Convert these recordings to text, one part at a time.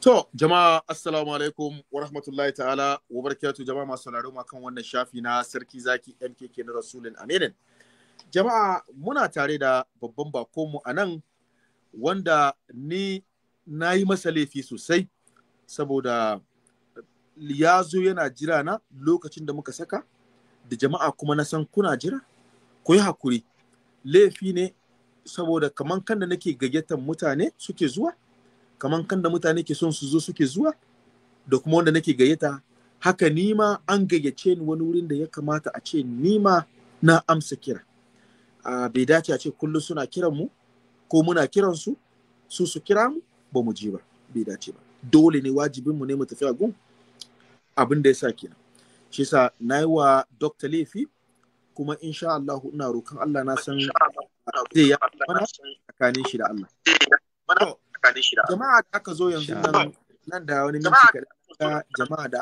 To, jama'a assalamu alaikum wa rahmatullahi ta'ala wa barakatuh jama'a masu sauraro ma kan wannan shafi na sarki zaki MKK na Rasulun Aminin. Jama'a muna tare da babban bakonmu a nan wanda ni na yi masa laifi sosai saboda ya zo yana jira na lokacin da muka saka da jama'a kuma na san kuna jira ku yi hakuri laifi ne saboda kamar kan da nake gayyatar mutane suke zuwa kamar kan da mutane ke son su zo suke zuwa da kuma wanda nake gayyata haka nima an gayyace ni wani wurin da ya kamata a ce nima na amsa kira a bai dace a ce kullum suna kiran mu ko muna kiran su su su kira mu ba mu ji ba bai dace ba dole ne wajibin mu ne mu tafi a gun abin da ya sa kenan shi yasa na yi wa Dr. Laifi, kuma insha Allah ina roƙon Allah na san zai ya mana tsakanin shi da Allah. tsakanin shi da jama'a da aka zo yanzu nan nan da wani minti kaɗan jama'a da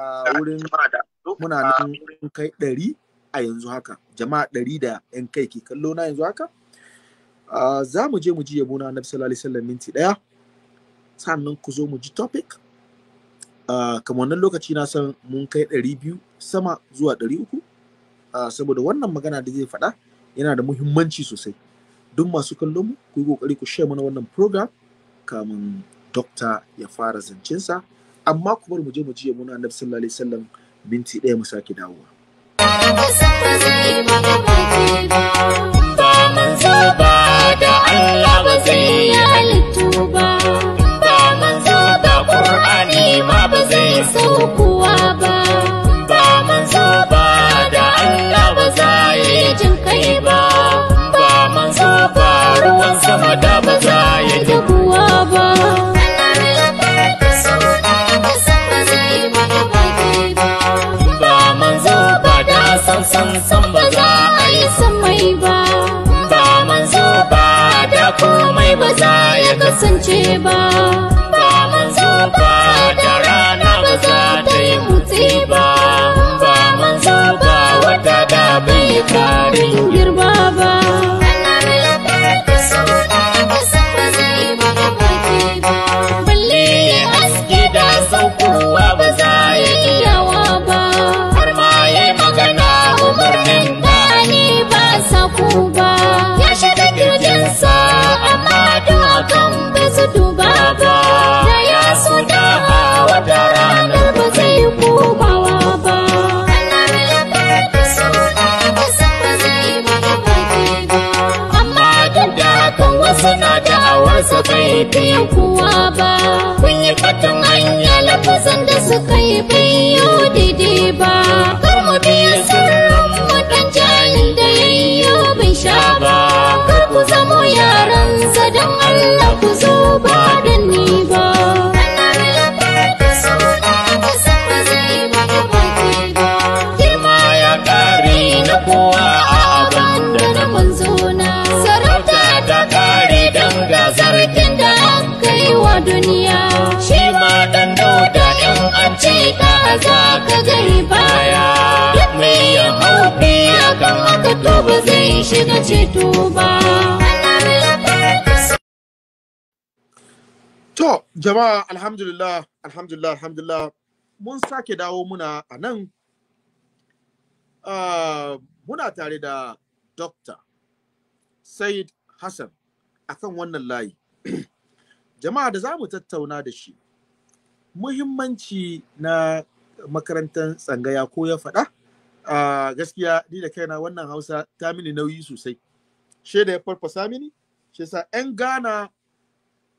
a wurin muna ah, nan kai ɗari a yanzu haka jama'a ɗari da yan kai ke kallo na yanzu haka ah, za mu je mu ji yabo na annabi sallallahu alaihi wasallam minti ɗaya sannan ku zo mu ji topic ah, kamar wannan lokaci na san mun kai ɗari biyu sama zuwa ɗari uku saboda wannan magana da zai faɗa yana da muhimmanci sosai duk masu kallon mu ku ƙoƙari kokari ku share mana wannan program kamun dokta ya fara zancensa amma ku bar mu je mu jiya muna annabi sallallahu alaihi wasallam binti ɗaya mu sake dawowa ba ba da Allah ba zai yi halittu ba ba ma ba zai ba ba ba da Allah ba zai jin kai ba suka yi biyu kuwa ba kun yi fatan hanya lafazan da suka yi biyu daidai ba kar mu biya sirrin wadan jayin da yayyo bin sha ba kar ku zamo yaran sa don allah ku zo ba da ni ba kowa a za ka gari baya mai ya hauɗe akan haka to ba zai shiga ceto ba To, jama'a alhamdulillah, alhamdulillah, alhamdulillah, mun sake dawo muna a nan, uh, muna tare da Dr. Said Hassan a kan wannan layi. jama'a da za mu tattauna da shi, muhimmanci na makarantar tsangaya ko ya faɗa a gaskiya ni da kaina wannan hausa ta mini nauyi sosai she da ya farfasa mini shi sa 'yan gana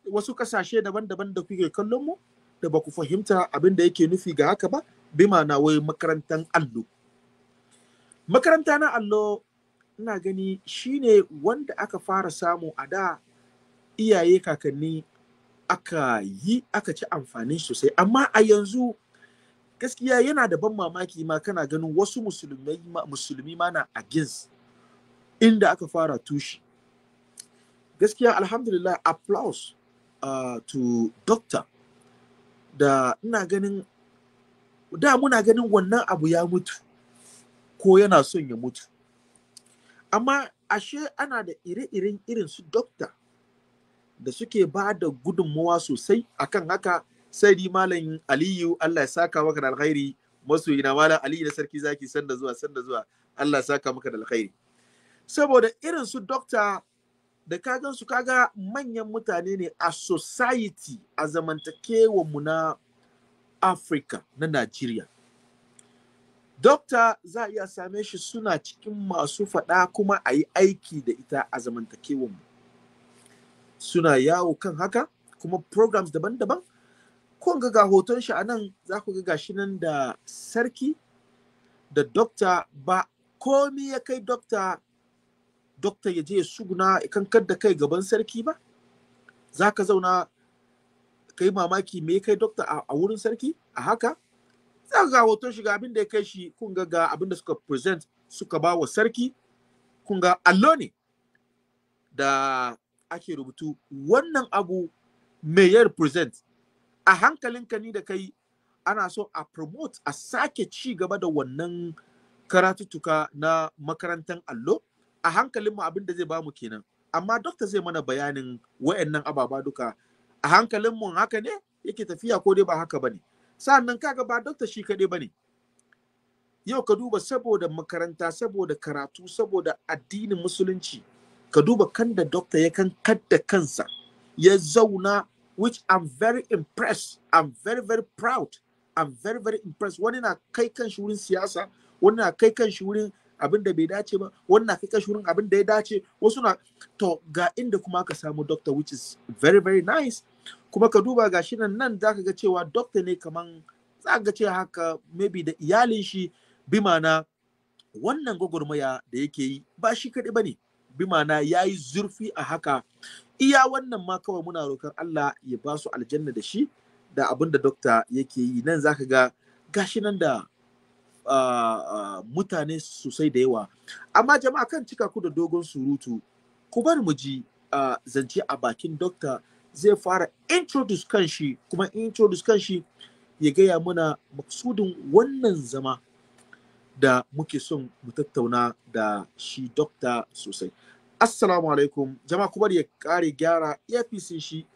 wasu kasashe daban-daban da kuke kallon mu da ba ku fahimta abin da yake nufi ga haka ba bima na wai makarantar allo makaranta na allo ina gani shine wanda aka fara samu a da iyaye kakanni aka yi aka ci amfani sosai amma a yanzu gaskiya yana da ban mamaki ma kana ganin wasu musulmai musulmi ma na against inda aka fara tushi gaskiya alhamdulillah applause uh, to doctor da ina ganin da muna ganin wannan abu ya mutu ko yana son ya mutu amma ashe ana da ire-iren irin su doctor da suke ba da gudunmawa sosai akan haka sai di malam aliyu Allah ya saka maka da alkhairi Masoyina malam aliyu na sarki zaki sanda zuwa sanda zuwa Allah ya saka maka da alkhairi saboda irin su dokta da kagan su kaga manyan mutane ne a society a zamantakewa mu na Africa na Najeriya Dokta za a iya same shi suna cikin masu faɗa kuma a yi aiki da ita a mu Suna yawo kan haka, kuma programs daban-daban kun ga hoton shi a nan za ku ga shi nan da sarki da dokta ba komi ya kai dokta dokta ya je ya suguna kankar da kai gaban sarki ba za ka zauna ka yi mamaki me ya kai dokta a wurin sarki a haka za ka ga hoton shiga abin da ya kai shi kun ga ga abin da suka present suka ba wa sarki kun ga allo ne da ake rubutu wannan abu me ya represent a hankalinka ni da kai ana so a promote a sake ci gaba da wannan karatuttuka na makarantar allo a hankalinmu abin da zai ba mu kenan amma dokta zai mana bayanin wayannan ababa duka a hankalinmu haka ne yake tafiya ko dai ba haka bane sannan kaga ba dokta shi kaɗai bane yau ka duba saboda makaranta saboda karatu saboda addinin musulunci ka duba kan da dokta ya kan kadda kansa ya zauna which I'm very impressed. I'm very, very proud. I'm very, very impressed. Wani na kai kan shi wurin siyasa, wani na kai kan shi wurin abin da bai dace ba, wani na kai kan shi wurin abin da ya dace, wasu na to ga inda kuma ka samu doctor which is very, very nice. Kuma ka duba ga shi nan nan za ka ga cewa doctor ne kaman za ka ga cewa haka maybe da iyalin shi bi mana wannan gwagwarmaya da yake yi ba shi kaɗai ba ne, bi mana ya yi zurfi a haka iya wannan ma kawai muna roƙar Allah ya ba su aljanna da shi da abin da dokta yake yi nan zaka ga gashi nan da mutane sosai da yawa amma jama'a kan cika ku da dogon surutu ku bar mu ji zance a bakin dokta zai fara introduce kanshi kuma introduce kanshi ya gaya muna maksudin wannan zama da muke son mu tattauna da shi dokta sosai assalamu alaikum jama'a kuma ya kare gyara APC shi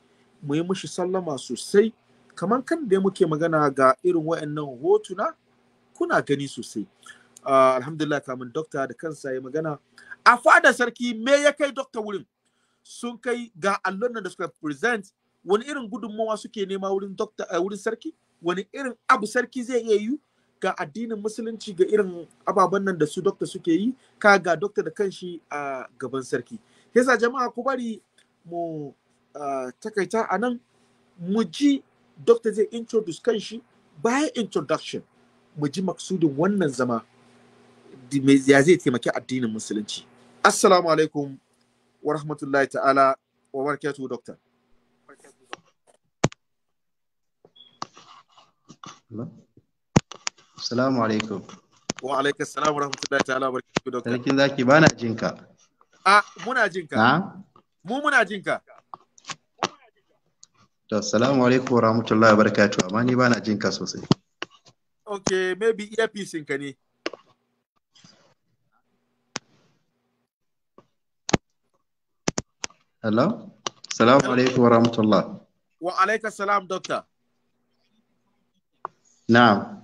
mu yi mushi sallama sosai kamar kan da muke magana ga irin wa'annan hotuna kuna gani sosai uh, alhamdulillah kamun dokta da kansa ya magana a fada sarki me ya kai dokta wurin sun kai ga allon da suka present wani irin gudunmawa suke nema wurin dokta uh, wurin sarki wani irin abu sarki zai iya yi ga addinin musulunci ga irin ababen nan da su dokta suke yi ka ga dokta da kanshi a gaban sarki yasa jama'a ku bari mu takaita a nan mu ji dokta zai introduce kanshi bayan introduction mu ji maksudin wannan zama ya zai taimaki addinin musulunci assalamu alaikum wa rahmatullahi ta'ala wa barakatuhu dokta Hello? Assalamu alaikum. Wa alaikum salam wa rahmatullahi ta'ala wa barakatuhu kuma. Sarkin zaki bana jin ka. A muna jin ka. Mu muna jin ka. To assalamu alaikum wa rahmatullahi wa barakatuhu amma ni bana jin ka sosai. Ok, maybe earpiece ka ne. Hello? Assalamu alaikum wa rahmatullah. Wa alaikum salam, doctor. Na'am.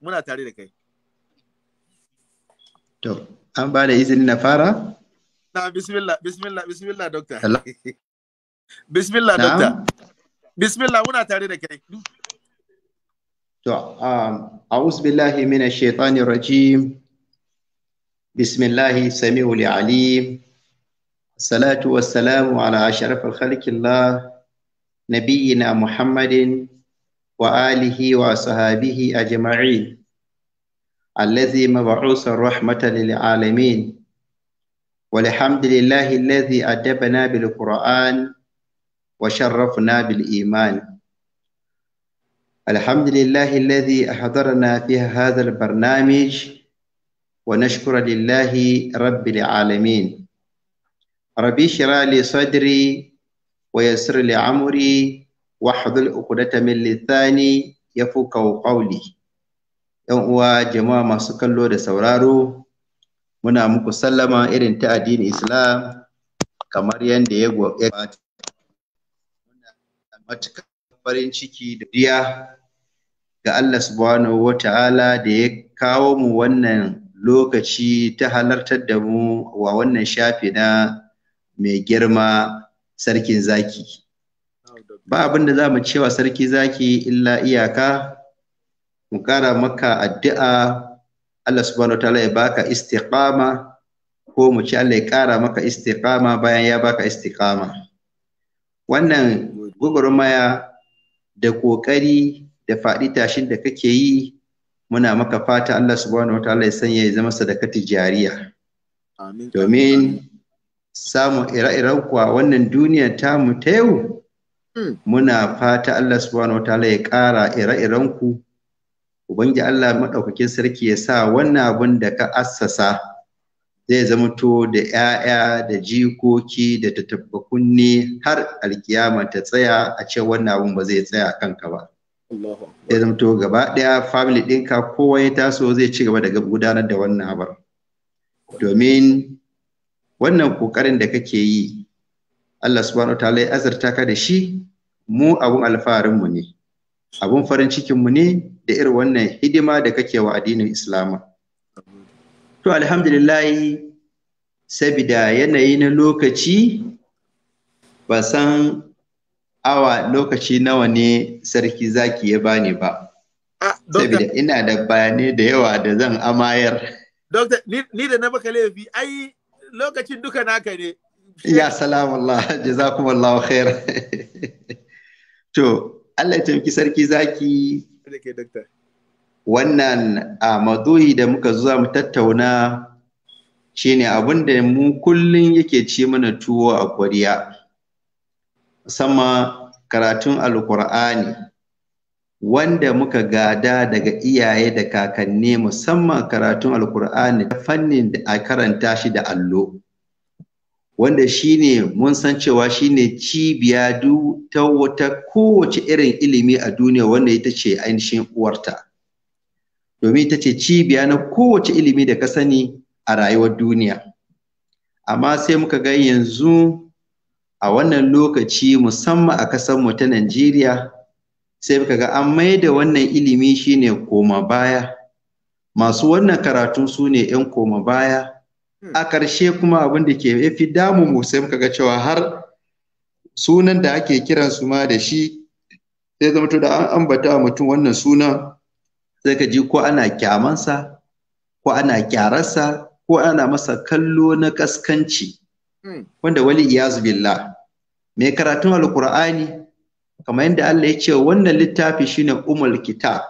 muna tare da kai to an ba da izini na fara na bismillah bismillah bismillah doctor bismillah doctor bismillah muna tare da kai to um, a'udhu billahi minash shaitanir rajim bismillahi الله السميع العليم الصلاة والسلام على أشرف الخلق الله نبينا muhammadin. وآله وصحابه أجمعين الذي مبعوث الرحمة للعالمين والحمد لله الذي أدبنا بالقرآن وشرفنا بالإيمان الحمد لله الذي أحضرنا في هذا البرنامج ونشكر لله رب العالمين ربي شرع لي صدري ويسر لي عمري wahdul uqdata min lisani yafqahu qawli yan uwa jama'a masu kallo da sauraro muna muku sallama irin ta addinin Islam kamar yadda ya gabata matuƙar farin ciki da diya ga Allah subhanahu wa ta'ala da ya kawo mu wannan lokaci ta halartar da mu wa wannan shafi na mai girma sarkin zaki ba abin da za mu cewa sarki zaki illa iyaka mu kara maka addu'a Allah subhanahu wa ta'ala ya baka istiqama ko mu ci Allah ya kara maka istiqama bayan ya baka istiqama wannan gwagwarmaya da kokari da faɗi tashin da kake yi muna maka fata Allah subhanahu wa ta'ala ya sanya ya zama sadakati jariya domin samun ire-iren kuwa wannan duniya tamu ta yau Hmm. muna fata Allah subhanahu ta'ala ya ƙara ire irenku ku ubangi Allah maɗaukakin sarki ya sa wannan abin da ka assasa zai to da 'ya'ya da jikoki da tattabbakun ne har alkiyama ta tsaya a ce wannan abin ba zai tsaya kanka ba zai to gaba ɗaya family ɗinka kowa ya taso zai ci gaba da gudanar da wannan ba. domin wannan ƙoƙarin da kake yi Allah subhanahu ta'ala ya azurta ka da shi mu abun alfaharin mu ne abun farin cikin mu ne da irin wannan hidima da kake wa addinin Islama to alhamdulillah sabida yanayi na lokaci ba san awa lokaci nawa ne sarki zaki ya bani ba Sabida ina da bayanai da yawa da zan amayar Dokta, ni da na baka laifi, ai lokacin duka naka ne. ya salam Allah jazakum Allah khair to Allah ya taimaki sarki zaki wannan a maduhi da muka zuwa mu tattauna shine abin da mu kullum yake ci mana tuwo a kwariya sama karatun alkur'ani wanda muka gada daga iyaye da kakanni musamman karatun alkur'ani ta fannin da a karanta shi da allo wanda shine mun san cewa shi ne cibiya ta wata kowace irin ilimi a duniya wanda ita ce ainihin uwarta domin ita ce cibiya na kowace ilimi da ka sani a rayuwar duniya amma sai muka ga yanzu a wannan lokaci musamman a ƙasarmu ta Najeriya sai muka ga an mai da wannan ilimi shine koma baya masu wannan karatu su ne 'yan koma baya a ƙarshe kuma abin da ke yafi damu mu sai muka ga cewa har sunan da ake kiran su ma da shi sai zama to da an ambata mutum wannan sunan sai ka ji ko ana kyamansa ko ana kyararsa ko ana masa kallo na kaskanci hmm. wanda wali iyazu billah mai karatun alkur'ani kamar yadda Allah ya ce wannan littafi shine umul kitab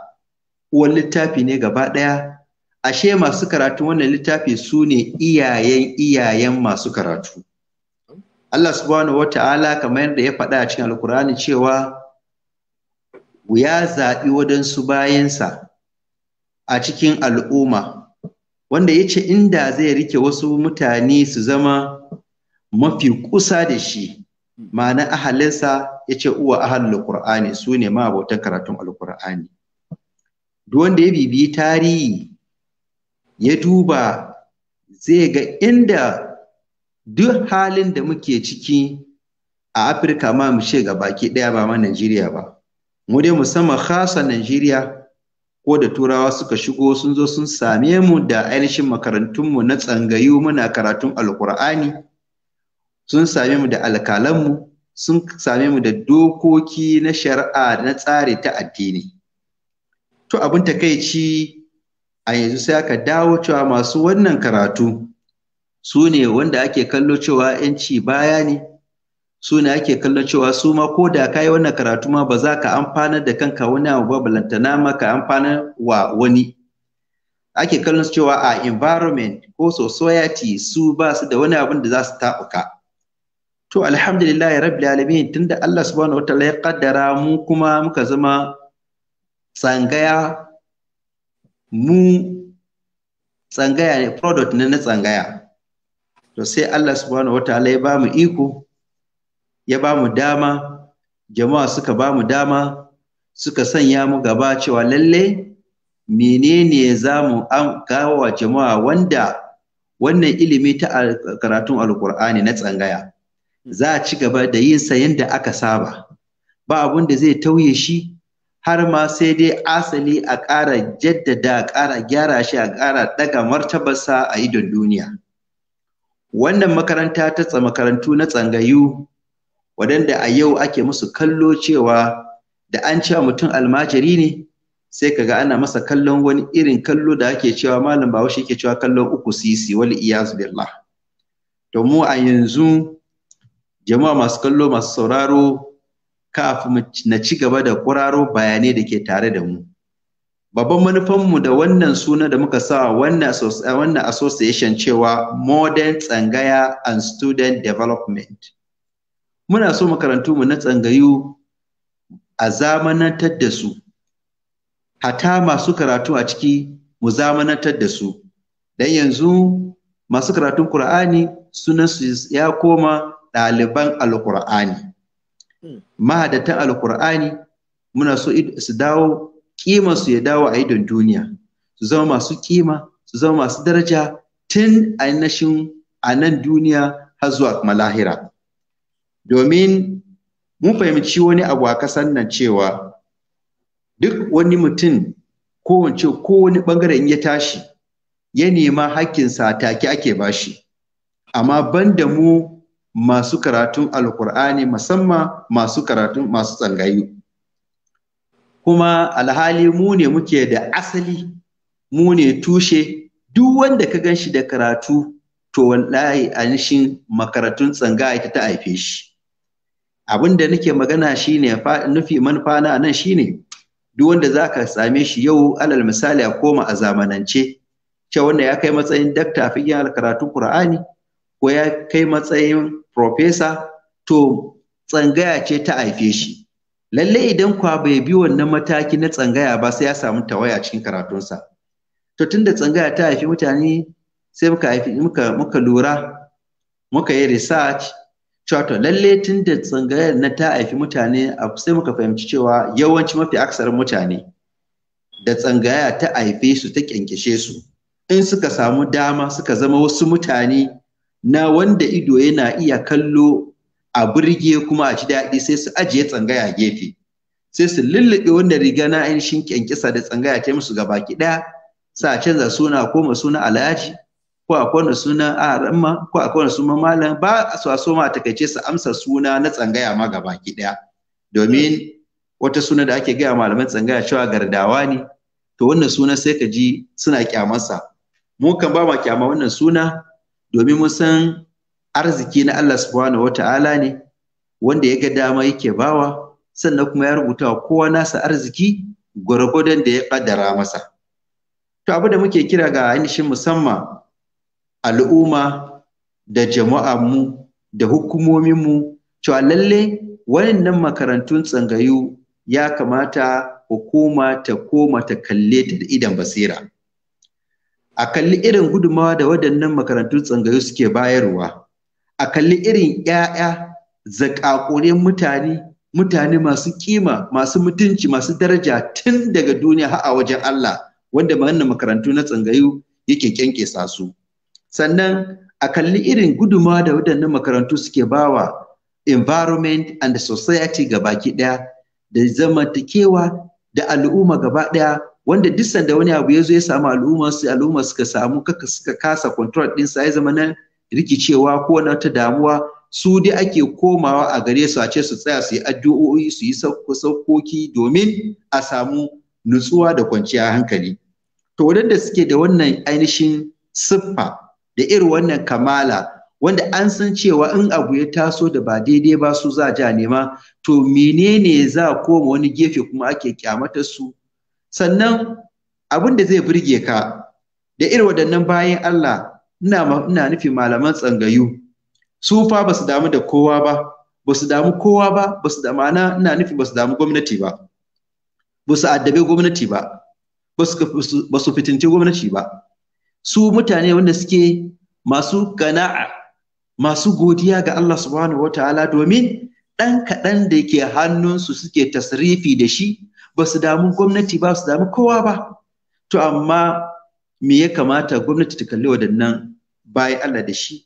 uwan littafi ne gaba ɗaya ashe masu karatu wannan littafi su ne iyayen iyayen masu karatu Allah subhanahu wa ta'ala kamar yadda ya faɗa a cikin alkur'ani cewa ya zaɓi waɗansu bayansa a cikin al'umma wanda ya ce inda zai rike wasu mutane su zama mafi kusa da shi ma'ana ahalinsa ya ce uwa ahalul alkur'ani su ne ma karatun alkur'ani duk wanda ya bibiyi tarihi ya duba zai ga inda duk halin da muke ciki a afirka ma mu ce ga baki ɗaya ba ma najeriya ba mu dai musamman khasa najeriya ko da turawa suka shigo sun zo sun same mu da ainihin makarantunmu na tsangayu muna karatun alkur'ani sun same mu da alkalanmu sun same mu da dokoki na shari'a na tsari ta addini to abin takaici a yanzu sai aka dawo cewa masu wannan karatu su ne wanda ake kallo cewa ‘yanci baya ne, su ne ake kallo cewa su ma ko da ka yi wannan karatu ma ba za ka amfanar da kanka wani abu ba balantana ma ka amfanar wa wani. Ake kallon cewa a environment ko society su ba su da wani abin da za su taɓuka. To alhamdulillah rabbil alamin tunda Allah subhanahu wa ta'ala ya kaddara mu kuma muka zama tsangaya mu tsangaya ne product ne na tsangaya to sai Allah subhanahu wataala ya ba mu iko ya ba mu dama jama'a suka ba mu dama suka sanya mu gaba cewa lalle menene za mu kawo wa jama'a wanda wannan ilimi ta karatun alkur'ani na tsangaya za a ci gaba da yin sa yadda aka saba ba abun da zai tauye shi har ma sai dai asali a ƙara jaddada a ƙara gyara shi a ƙara ɗaga martabarsa a idon duniya wannan makaranta ta makarantu na tsangayu waɗanda a yau ake musu kallo cewa da an cewa mutum almajiri ne sai ka ga ana masa kallon wani irin kallo da ake cewa malam bawo shi ke cewa kallon uku sisi wal iyaz billah to mu a yanzu jama'a masu kallo masu sauraro kafin na ci gaba da ƙuraro bayanai da ke tare da mu. Babban manufanmu da wannan suna da muka sa wannan association cewa Modern Tsangaya and Student Development. Muna so makarantu mu na tsangayu a zamanantar da su, hata masu karatu a ciki mu zamanantar da su. Don yanzu masu karatun Kur'ani sunansu ya koma ɗaliban Alƙur'ani. mahadatan alkur'ani muna so su dawo kima su ya dawo a idon duniya su zama masu kima su zama masu daraja tun ainihin a nan duniya har zuwa malahira domin mun fahimci wani abu a kasan nan cewa duk wani mutum kowace wani bangare in ya tashi ya nema hakkinsa take ake bashi amma banda mu masu karatun alkur'ani musamman masu karatun masu tsangayu kuma alhali mu ne muke da asali mu ne tushe duk wanda ka ganshi da karatu to wallahi anshin makarantun tsanga ita ta haife shi abin da nake magana shine nufi manufa na nan shine duk wanda zaka same shi yau alal misali a koma a zamanance ce wanda ya kai matsayin dakta fiye karatu Qur'ani ko ya kai matsayin profesa to tsangaya ce ta haife shi lallai idan kwa bai bi wannan mataki na tsangaya ba sai ya samu tawaya cikin karatunsa to tunda tsangaya ta haifi mutane sai muka haifi muka muka lura muka yi research to lalle tunda tsangayar na ta haifi mutane sai muka fahimci cewa yawanci mafi aksarin mutane da tsangaya ta haife su ta kyankyashe su in suka samu dama suka zama wasu mutane na wanda ido yana iya kallo a burge kuma a ci daɗi sai su ajiye tsangaya gefe sai su lulluɓe wannan riga na ainihin kyankyasa da tsangaya ta musu gaba ki ɗaya sa canza suna ko ma suna alhaji ko a kona suna aramma ko a kona suna malam ba su a ma a takaice su amsa suna na tsangaya ma gaba ki ɗaya domin wata suna da ake gaya malaman tsangaya cewa gardawa ne to wannan suna sai ka ji suna kyamarsa mu kan ba ma kyama wannan suna domin mu san arziki na Allah subhanahu wata'ala ne wanda ya ga dama yake bawa sannan kuma ya rubuta wa kowa nasa arziki gwargwadon da ya kaddara masa to abu da muke kira ga ainihin musamman al'umma da mu, da hukumomin mu, to lalle waɗannan makarantun tsangayu ya kamata hukuma ta koma ta kalle ta da idan basira a kalli irin gudunmawa da waɗannan makarantun tsangayu suke bayarwa a kalli irin 'ya'ya zakakurin mutane mutane masu kima masu mutunci masu daraja tun daga duniya har a wajen Allah wanda wannan makarantu na tsangayu yake kyankyasa su sannan a kalli irin gudunmawa da waɗannan makarantu suke bawa environment and society ga baki ɗaya da zamantakewa da al'umma gaba ɗaya wanda duk sanda wani abu ya zo ya samu al'umma su al'umma suka samu kaka suka kasa control din sa ya zama na rikicewa ko na ta damuwa su dai ake komawa a gare su a ce su tsaya su yi addu'o'i su yi saukoki domin a samu nutsuwa da kwanciya hankali to wadanda suke da wannan ainihin siffa da irin wannan kamala wanda an san cewa in abu ya taso da ba daidai ba su za a nema to menene za a koma wani gefe kuma ake kyamatar su sannan abin da zai burge ka da irin waɗannan bayan Allah ina nufin nufi malaman tsangayu su fa ba su damu da kowa ba ba su damu kowa ba ba su da ina nufi ba su damu gwamnati ba ba su addabe gwamnati ba ba su fitinci gwamnati ba su mutane wanda suke masu gana'a masu godiya ga Allah subhanahu wa Ta'ala domin ɗan kaɗan da ke hannunsu suke tasrifi da shi ba su damu gwamnati ba su damu kowa ba to amma me ya kamata gwamnati ta kalli waɗannan bayan Allah da shi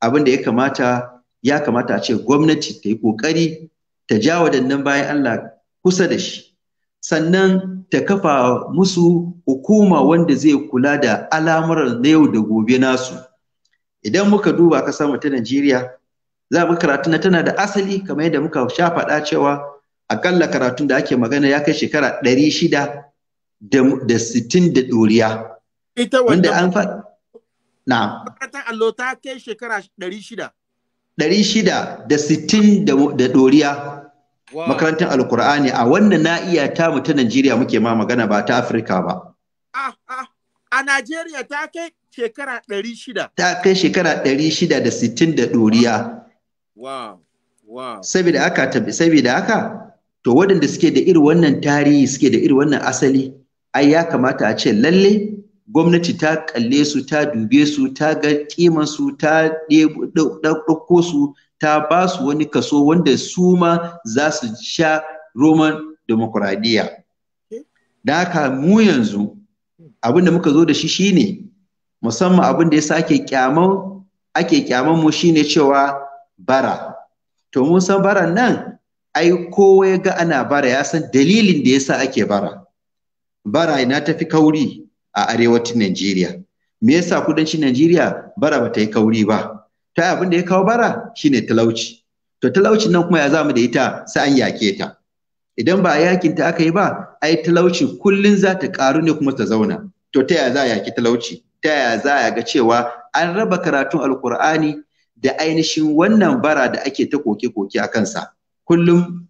abin da ya kamata ya kamata a ce gwamnati ta yi ƙoƙari ta ja waɗannan bayan Allah kusa da shi sannan ta kafa musu hukuma wanda zai kula da al'amuran na yau da gobe nasu idan muka duba ƙasar mu ta Najeriya za mu karatu na tana da asali kamar yadda muka sha faɗa cewa akalla karatun da ake magana ya kai shekara ɗari shida da sittin da ɗoriya. Ita wanda an fa na. Makarantar allo ta kai shekara ɗari shida. Ɗari shida da sittin da ɗoriya. Makarantar Alƙur'ani, a wannan na iya ta mu ta Najeriya muke ma magana ba ta Afirka ba. Ah, ah. a Najeriya ta kai shekara ɗari shida. Ta kai shekara ɗari shida da sittin da ɗoriya. Wow. Wow. Saboda haka, saboda haka, to waɗanda suke da irin wannan tarihi suke da irin wannan asali ai ya kamata a ce lalle gwamnati ta kalle su ta dube su ta ga kiman su ta ɗauko su ta ba su wani kaso wanda su ma za su sha roman demokuraɗiyya da haka mu yanzu abin da muka zo da shi shine musamman abin da ya sake ake kyaman mu shine cewa bara to mun san bara nan ai kowa ya ga ana bara ya san dalilin da yasa ake bara bara ina tafi kauri a arewacin Najeriya me yasa kudancin Najeriya bara ba ta yi kauri ba ta abin da ya kawo bara shine talauci to talauci nan kuma ya zamu da ita sai an yake ta idan ba yakin ta aka yi ba ai talauci kullun za ta karu ne kuma ta zauna to ta ya za a yaki talauci ta ya za a ga cewa an raba karatun alkur'ani da ainihin wannan bara da ake ta koke-koke a kansa kullum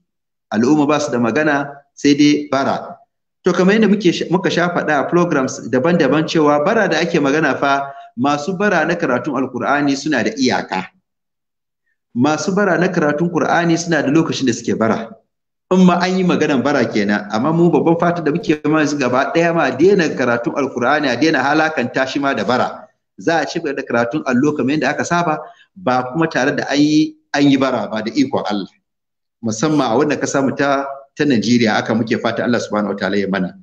al'umma ba su da magana sai dai bara to kamar yadda muka sha faɗa a programs daban-daban cewa bara da ake magana fa masu bara na karatun alkur'ani suna da iyaka masu bara na karatun Kur'ani suna da lokacin da suke bara in ma an yi maganan bara kenan amma mu babban fata da muke ma gaba ɗaya ma daina karatun alkur'ani a daina halakanta shi ma da bara za a ci da karatun allo kamar yadda aka saba ba kuma tare da an yi an yi bara ba da ikon Allah musamman a wannan kasa mu ta ta Najeriya aka muke fata Allah subhanahu wataala ya mana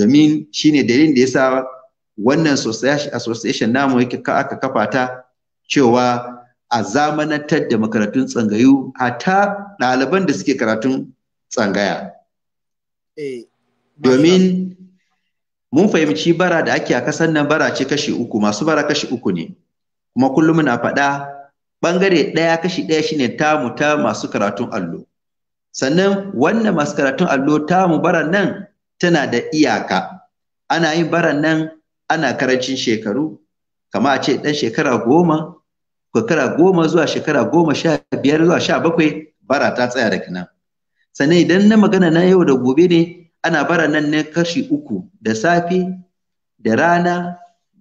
domin shine dalilin da yasa wannan association namu yake aka kafa ta cewa a zamanantar da makarantun tsangayu ta ɗaliban da suke karatun tsangaya eh, domin mun fahimci bara da ake a kasan nan bara ce kashi uku masu bara kashi uku ne kuma kullum na faɗa bangare ɗaya kashi ɗaya shine tamu ta masu karatun allo sannan wannan masu karatun allo tamu baran nan tana da iyaka ana yin baran nan ana karancin shekaru kama a ce ɗan shekara goma shekara goma zuwa shekara goma sha biyar zuwa sha bakwai bara ta tsaya daga nan sannan idan na magana na yau da gobe ne ana bara nan ne kashi uku da safe da rana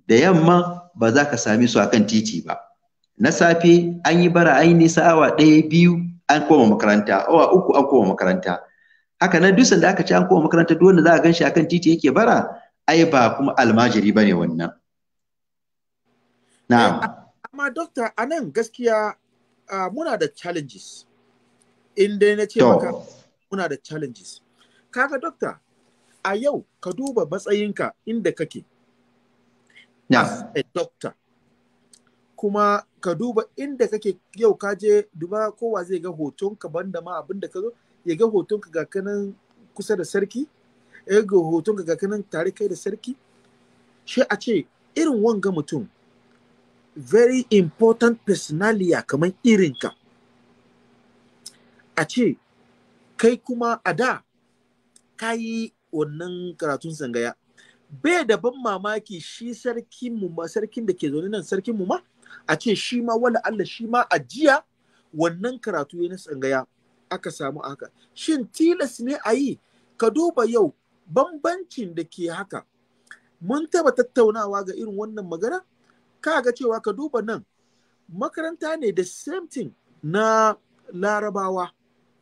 da yamma ba za ka sami su a kan titi ba na safe an yi bara an yi nisa awa ɗaya biyu an koma makaranta awa uku an koma makaranta haka nan dusan da aka ci an koma makaranta duk wanda za a gan shi akan titi yake bara ai ba kuma almajiri ba ne wannan na'am amma doctor a nan gaskiya muna da challenges in dai na ce maka muna da challenges kaga doctor a yau ka duba matsayinka inda kake Na. a doctor kuma ka duba inda kake yau ka je duba kowa zai ga hotonka da ma abin da ka zo ya ga hotonka ga kanan kusa da sarki ya ga hotonka ga kanan tare kai da sarki shi a ce irin wanga mutum very important personalia kamar irinka a ce kai kuma a da ka yi wannan karatun zangaya. bai da ban mamaki shi sarkin ma sarkin da ke zaune nan sarkin mu ma a ce shi ma wala Allah shi ma a jiya wannan karatu ya na tsangaya aka samu haka shin tilas ne a yi ka duba yau bambancin da ke haka mun taba tattaunawa ga irin wannan magana ka ga cewa ka duba nan makaranta ne da same thing na larabawa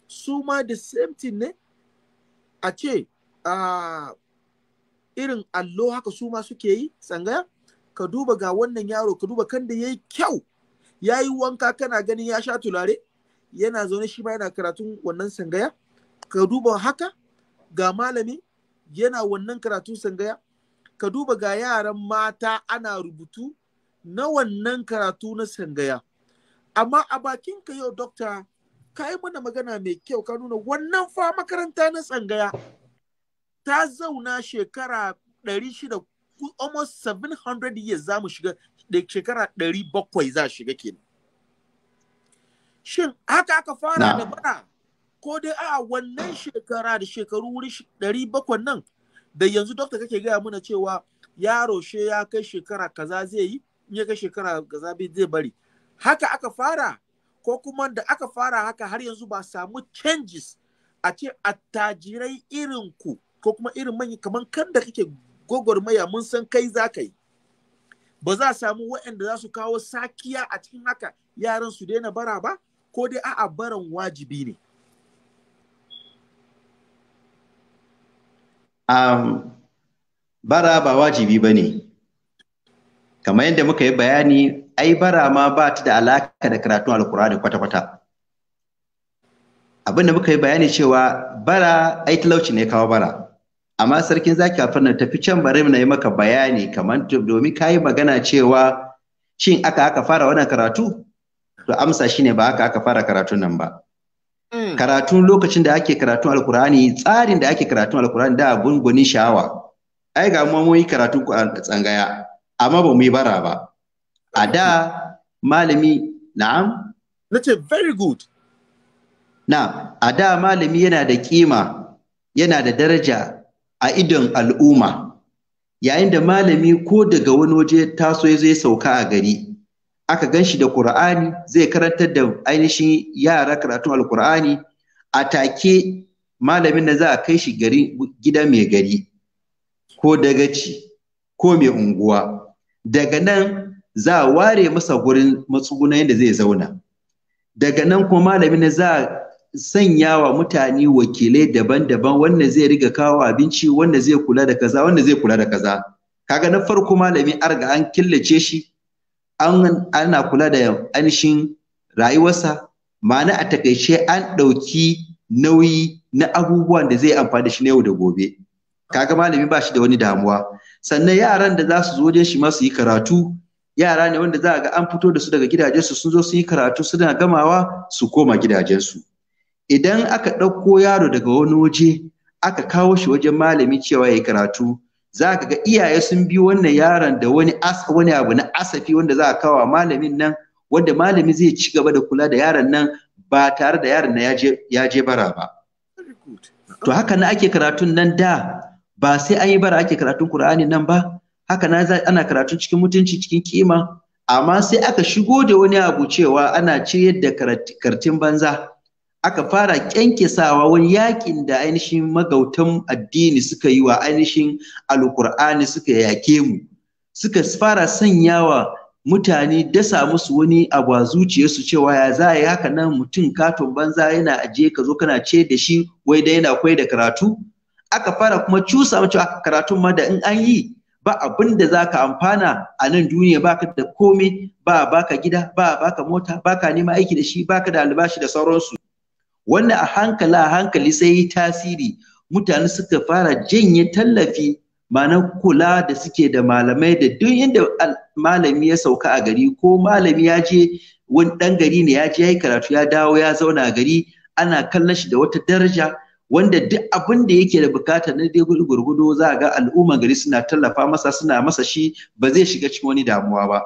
su ma da same thing ne a ce a irin allo haka su ma suke yi tsangaya ka duba ga wannan yaro ka duba kan da yi kyau ya yi wanka kana ganin ya sha tulare yana zaune shi ma yana karatun wannan sangaya ka duba haka ga malami yana wannan karatun sangaya ka duba ga yaran mata ana rubutu na wannan karatu na sangaya amma a bakin ka yau dokta ka yi mana magana mai kyau ka nuna wannan fa makaranta na sangaya ta zauna shekara almost 700 years za mu shiga da shekara 700 za shiga kenan shin haka aka fara da bara ko dai a wannan shekara da shekaru wuri 700 nan da yanzu dokta kake gaya mana cewa yaro she ya kai shekara kaza zai yi in ya kai shekara kaza bai zai bari haka aka fara ko kuma da aka fara haka har yanzu ba samu changes a ce attajirai irin ku ko kuma irin manyan kamar kan da kake gwagwarmaya mun san kai za ka yi ba za a samu waɗanda za su kawo sakiya a cikin haka yaran su daina bara ba ko dai a'a baran wajibi ne um, bara ba wajibi ba ne kamar yadda muka yi bayani ai bara ma ba ta da alaka da karatun alkurani kwata-kwata abin da muka yi bayani cewa bara ai talauci ne kawo bara amma sarkin zaki kafin nan tafi can bari na yi maka bayani kamar domin kayi magana cewa shin aka aka fara wannan karatu to amsa shine ba aka aka fara karatun nan ba mm. karatu lokacin da ake karatun alkurani tsarin da ake karatun alkurani da gungunin sha'awa ai ga mu yi karatu tsangaya amma ba mu yi bara ba a da malami na'am nace very good na a da malami yana da kima yana da daraja a idon al'umma yayin da malami ko daga wani waje taso ya zai sauka a gari aka gan shi da Kur'ani zai karantar da ainihin yara karatun alkur'ani a take malamin da za a kai shi gari gida mai gari ko dagaci ko mai unguwa daga nan za a ware masa gurin matsuguna yadda zai zauna daga nan kuma malamin da za a sanyawa mutane wakilai daban-daban wannan zai riga kawo abinci wannan zai kula da kaza wannan zai kula da kaza kaga na farko malami arga an killace shi an ana kula da anshin rayuwarsa ma'ana a takaice an ɗauki nauyi na abubuwan da zai amfani da shi na yau da gobe kaga malami ba shi da wani damuwa sannan yaran da za su zo wajen shi ma su yi karatu yara ne wanda za a ga an fito da su daga gidajensu sun zo su yi karatu suna gamawa su koma gidajensu idan aka ɗauko yaro daga wani waje aka kawo shi wajen malami cewa ya karatu za ka ga iyaye sun bi wannan yaron da wani abu na asafi wanda za a kawo malamin nan wanda malami zai ci gaba da kula da yaron nan ba tare da yaron nan ya je bara ba to haka na ake karatun nan da ba sai an yi bara ake karatun kur'ani nan ba haka na ana karatun cikin mutunci cikin kima amma sai aka shigo da wani abu cewa ana ciyar da karatun banza aka fara kyankyasawa wani yakin da ainihin magautan addini suka yi wa ainihin alkur'ani suka yake mu suka fara sanya wa mutane dasa musu wani abu a zuciyarsu cewa ya za yi haka nan mutum katon banza yana ajiye ka zo kana ce da shi wai da yana kwai da karatu aka fara kuma cusa aka karatun ma da in an yi ba abin da za ka amfana a nan duniya ba ka da komai ba baka gida ba baka mota ba ka nema aiki da shi ba ka da albashi da sauransu wannan a hankali a hankali sai yi tasiri mutane suka fara janye tallafi ma'ana kula da suke da malamai da duk inda malami ya sauka a gari ko malami ya je wani ɗan gari ne ya je ya yi karatu ya dawo ya zauna a gari ana kallon shi da wata daraja wanda duk abin da yake da bukata na dai gurgudo za a ga al'ummar gari suna tallafa masa suna masa shi ba zai shiga cikin wani damuwa ba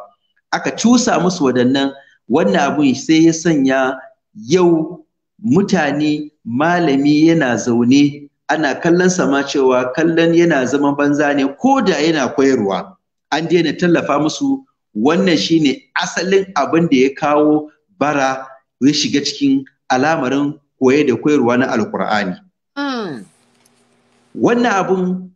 aka cusa musu waɗannan wannan abun sai ya sanya yau mutane malami yana zaune ana kallon sama cewa kallon yana zama banza ne ko da yana koyarwa an daina tallafa musu wannan shine asalin abin da ya kawo bara ya shiga cikin alamarin koye da koyarwa na alkur'ani hmm. wannan abun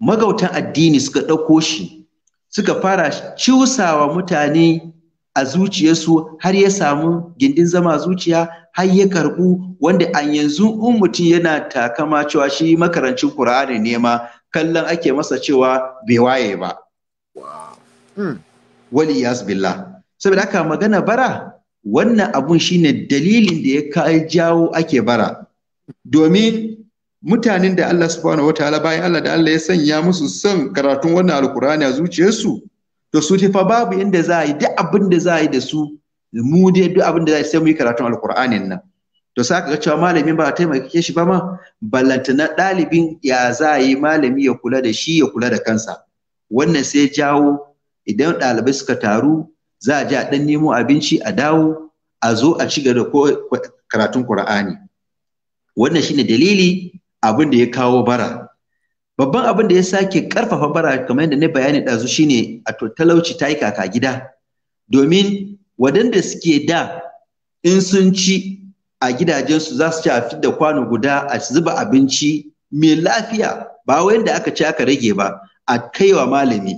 magautan addini suka ɗauko shi suka fara ciusawa mutane a zuciyarsu har ya samu gindin zama zuciya har ya karɓu wanda a yanzu in mutum yana takama cewa shi makarancin Qur'ani ne ma kallon ake masa cewa bai waye ba. Hmm. Wali yas billah. Saboda haka magana bara wannan abun shine dalilin da ya kai jawo ake bara. Domin mutanen da Allah subhanahu wa ta'ala bayan Allah da Allah ya sanya musu son karatun wannan alkur'ani a zuciyarsu to su babu inda za a yi duk abin da za a yi da su mu dai duk abin da sai mu yi karatun alkur'anin nan to sa ga cewa malamin ba a taimake shi ba ma na ɗalibin ya za yi malami ya kula da shi ya kula da kansa wannan sai jawo idan ɗalibai suka taru za a ji a ɗan nemo abinci a dawo a zo a ci gaba da karatun Kur'ani. Wannan shine dalili abin da ya kawo bara. Babban abin da ya sake karfafa bara kamar yadda na bayani ɗazu shine a talauci ta yi kaka gida. Domin waɗanda suke da in sun ci a gidajensu za su ci a da kwano guda a zuba abinci mai lafiya ba wai da aka ci aka rage ba a kaiwa malami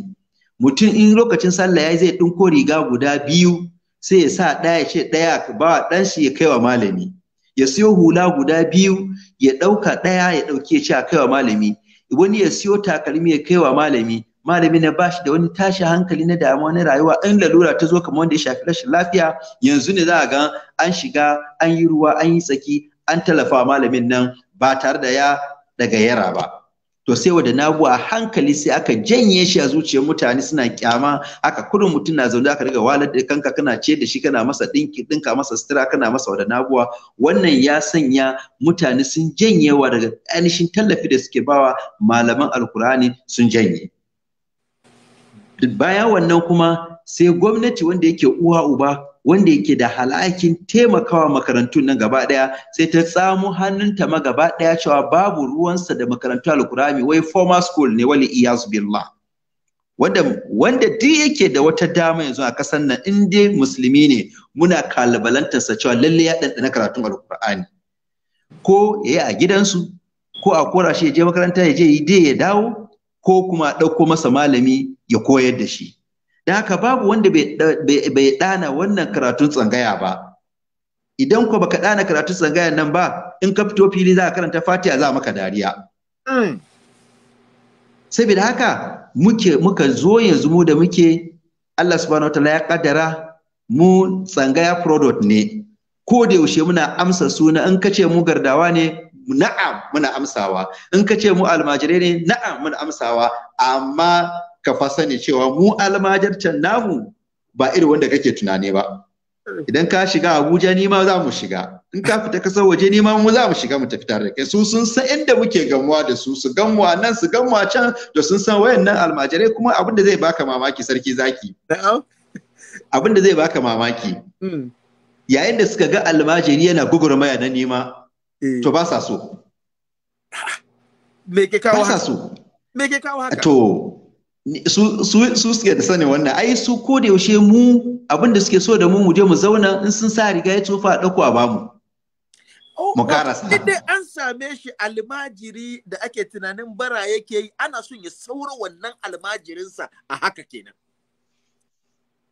mutum in lokacin sallah ya zai ɗinko riga guda biyu sai ya sa ɗaya ce ɗaya ba ɗan shi ya kaiwa malami ya siyo hula guda biyu ya ɗauka ɗaya ya ɗauke shi a kaiwa malami wani ya siyo takalmi ya kaiwa malami malami na bashi da wani tashi hankali na damuwa na rayuwa in lalura ta zo kamar wanda ya shafi rashin lafiya yanzu ne za a ga an shiga an yi ruwa an yi tsaki an talafa malamin nan ba tare da ya daga yara ba to sai wada nabu a hankali sai aka janye shi a zuciyar mutane suna kyama aka kudin mutum na zaune aka riga walar da kanka kana ce da shi kana masa dinki dinka masa sutura kana masa wada nabuwa wannan ya sanya mutane sun janyewa daga ainihin tallafi da suke bawa malaman alkur'ani sun janye baya wannan kuma sai gwamnati wanda yake uwa uba wanda yake da halakin taimakawa makarantun nan gaba daya sai ta tsamu hannunta ma gaba daya cewa babu ruwansa da makarantu alkurami wai former school ne wali iyaz billah wanda wanda duk yake da wata dama yanzu a kasan nan in dai musulmi ne muna sa cewa lalle ya ɗanɗana karatun alkur'ani ko ya a gidansu ko a kora shi ya je makaranta ya je yi dai ya dawo ko kuma a ɗauko masa malami ya koyar da shi da haka babu wanda bai ɗana wannan karatun tsangaya ba idan ko baka ɗana karatun tsangaya nan ba in ka fito fili za a karanta fatiya za maka dariya mm. saboda haka muke muka zo yanzu mu da muke Allah subhanahu Taala ya kaddara mu tsangaya product ne ko da yaushe muna amsa suna in ka ce mu gardawa ne na'am muna amsawa in ka ce mu almajirai ne na'am muna amsawa amma ka fa sani cewa mu almajircen namu ba irin wanda kake tunani ba idan ka shiga abuja ni ma za mu shiga in ka fita kasar waje ni ma mu za mu shiga mu tafi tare da kai su sun san inda muke gamuwa da su su gamuwa nan su gamuwa can da sun san wayannan almajirai kuma abin da zai baka mamaki sarki zaki abin da zai baka mamaki hmm. yayin da suka ga almajiri yana gugurmaya na nima eh. to ba sa so me ke kawo haka to su suke da sani wannan ai su ko da yaushe mu abin da suke so da mu mu je mu zauna in sun sa riga ya tsufa a dauko a bamu mu oh, oh, karasa dai an same shi almajiri da ake tunanin bara yake yi ana son ya saura wannan almajirinsa a haka kenan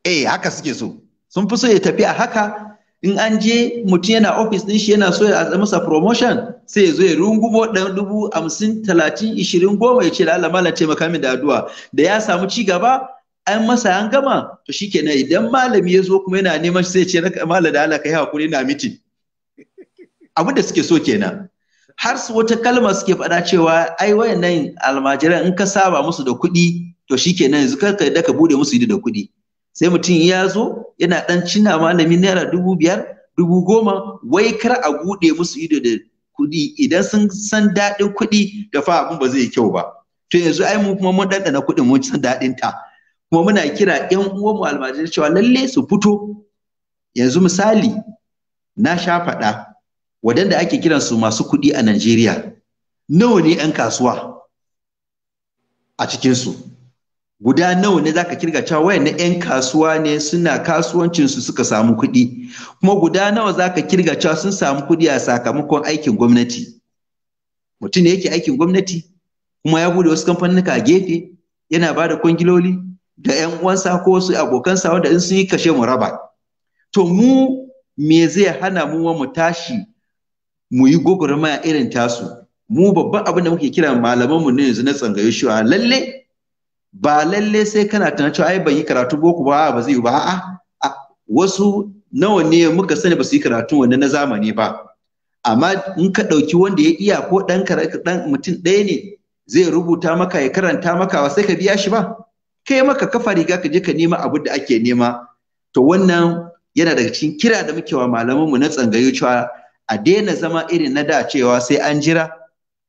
eh haka suke so sun fi so ya tafi a haka in an je mutum yana ofis din shi yana so ya masa promotion sai ya zo ya rungumo dan dubu hamsin talatin ishirin goma ya ce da Allah ce maka da addu'a da ya samu ci gaba an masa an gama to shikenan idan malami ya zo kuma yana neman sai ya ce malam da Allah kai hakuri na miti abin da suke so kenan har su wata kalma suke faɗa cewa ai wayannan almajiran in ka saba musu da kuɗi to shikenan yanzu kar ka da ka bude musu ido da kuɗi sai mutum ya zo yana ɗan cina malami naira dubu biyar dubu goma wai kar a buɗe musu ido da kuɗi idan sun san daɗin kuɗi da fa abin ba zai kyau ba to yanzu ai mu kuma mun ɗanɗana kuɗin mun san daɗin ta kuma muna kira ƴan uwan mu almajirai cewa lalle su fito yanzu misali na sha faɗa waɗanda ake su masu kuɗi a Najeriya nawa ne 'yan kasuwa a cikin su guda nawa ne zaka kirga cewa wayan na 'yan kasuwa ne suna kasuwancinsu su suka samu kuɗi kuma guda nawa zaka kirga cewa sun samu kuɗi a sakamakon aikin gwamnati mutum ne yake aikin gwamnati kuma ya bude wasu kamfanuka a gefe yana ba da kwangiloli da 'yan uwansa ko wasu abokansa wanda in sun yi kashe mu raba to mu me zai hana mu wa mu tashi mu yi gwagwarmaya irin tasu mu babban abin da muke kira malamanmu ne yanzu na tsangayo a lalle ba lalle sai kana tana cewa ai ban yi karatu boko ba ba zai yi ba a'a wasu nawa ne muka sani ba su yi karatu wanda na zamani ba amma in ka ɗauki wanda ya iya ko ɗan mutum ɗaya ne zai rubuta maka ya karanta maka sai ka biya shi ba kai maka kafa riga ka je ka nema abu da ake nema to wannan yana daga cikin kira da muke wa malamanmu na tsangayu cewa a daina zama irin na da cewa sai an jira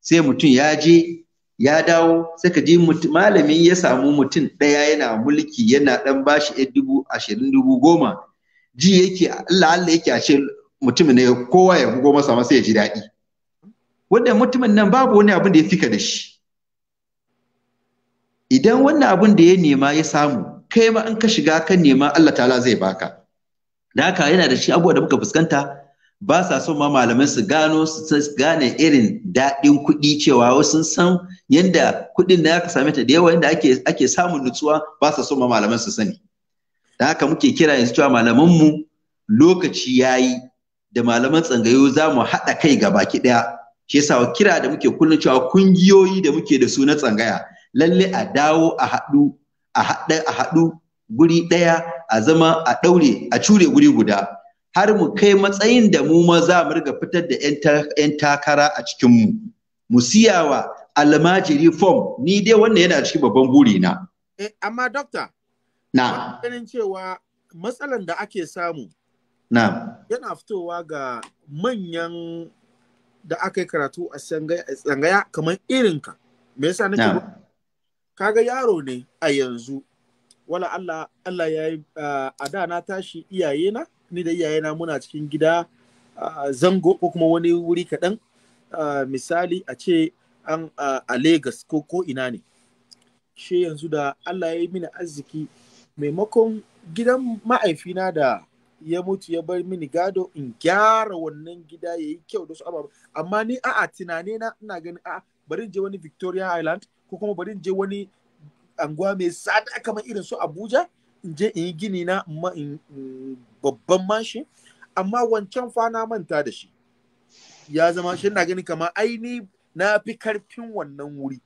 sai mutum ya je ya dawo sai ka ji malami ya samu mutum ɗaya yana mulki yana ɗan bashi ɗaya dubu ashirin dubu goma ji yake Allah Allah yake ashe mutum ne kowa ya bugo masa masa ya ji daɗi wanda mutumin nan babu wani abin da ya fika da shi idan wannan abin da ya nema ya samu kai ma an ka shiga kan nema Allah ta'ala zai baka da haka yana da shi abubuwa da muka fuskanta ba sa so ma malamai su gano su gane irin daɗin kuɗi cewa sun san yanda kuɗin da aka same ta da yawa yanda ake samun nutsuwa ba sa so ma malamai su sani da haka muke kira yanzu cewa malaman mu lokaci yi da malaman tsangayo za mu haɗa kai ga baki ɗaya shi yasa kira da muke kullum cewa kungiyoyi da muke da su na tsangaya lalle a dawo a haɗu a haɗu guri ɗaya a zama a ɗaure a cure guri guda har mu kai matsayin da mu ma za mu riga fitar da 'yan takara a cikinmu mu siyawa almajiri form ni dai wannan yana cikin babban burina. Eh, amma dokta na ganin cewa matsalan da ake samu na yana fitowa ga manyan da aka yi karatu a tsangaya kamar irinka me yasa nake kaga yaro ne a yanzu wala Allah Allah ya yi ah, a da na tashi iyayena? ni da iyayena muna cikin gida a zango ko kuma wani wuri kaɗan misali a ce an a Legas ko ko ina ne she yanzu da Allah ya yi mini arziki maimakon gidan ma'aifina da ya mutu ya bar mini gado in gyara wannan gida ya yi kyau da su ababa amma ni a'a tunane na ina ganin a'a barin je wani Victoria Island ko kuma barin je wani anguwa mai sada kamar irin su Abuja in je in yi gini na babban mashi amma wancan fa na manta da shi ya zama shi na gani kamar aini na fi karfin wannan wuri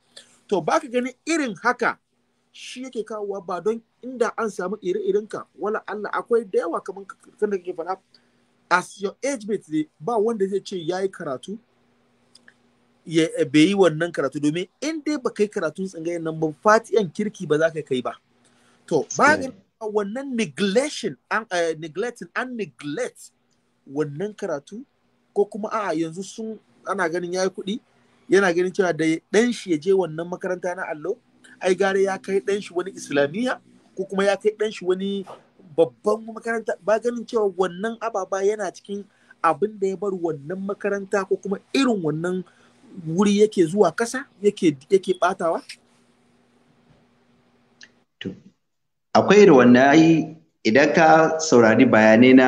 to baka gani irin haka shi yake kawowa ba don inda an samu ire ka wala Allah akwai da yawa kamar kan da kake fara as your age mate ne ba wanda zai ce yayi karatu ya eh, bai yi wannan karatu domin in dai ba kai karatun tsangayen nan ba fatiyan kirki ba za ka kai ba to ba wannan neglection an eh, neglecting an neglect wannan karatu ko kuma a yanzu sun ana ganin yayi kuɗi yana ganin cewa da ɗanshi shi ya je wannan makaranta na allo ai gare ya kai dan shi wani islamiyya ko kuma ya kai dan shi wani babban makaranta ba ganin cewa wannan ababa yana cikin abin da ya bar wannan makaranta ko kuma irin wannan wuri yake zuwa kasa yake yake batawa akwai da wannan yi idan ka saurari bayanai na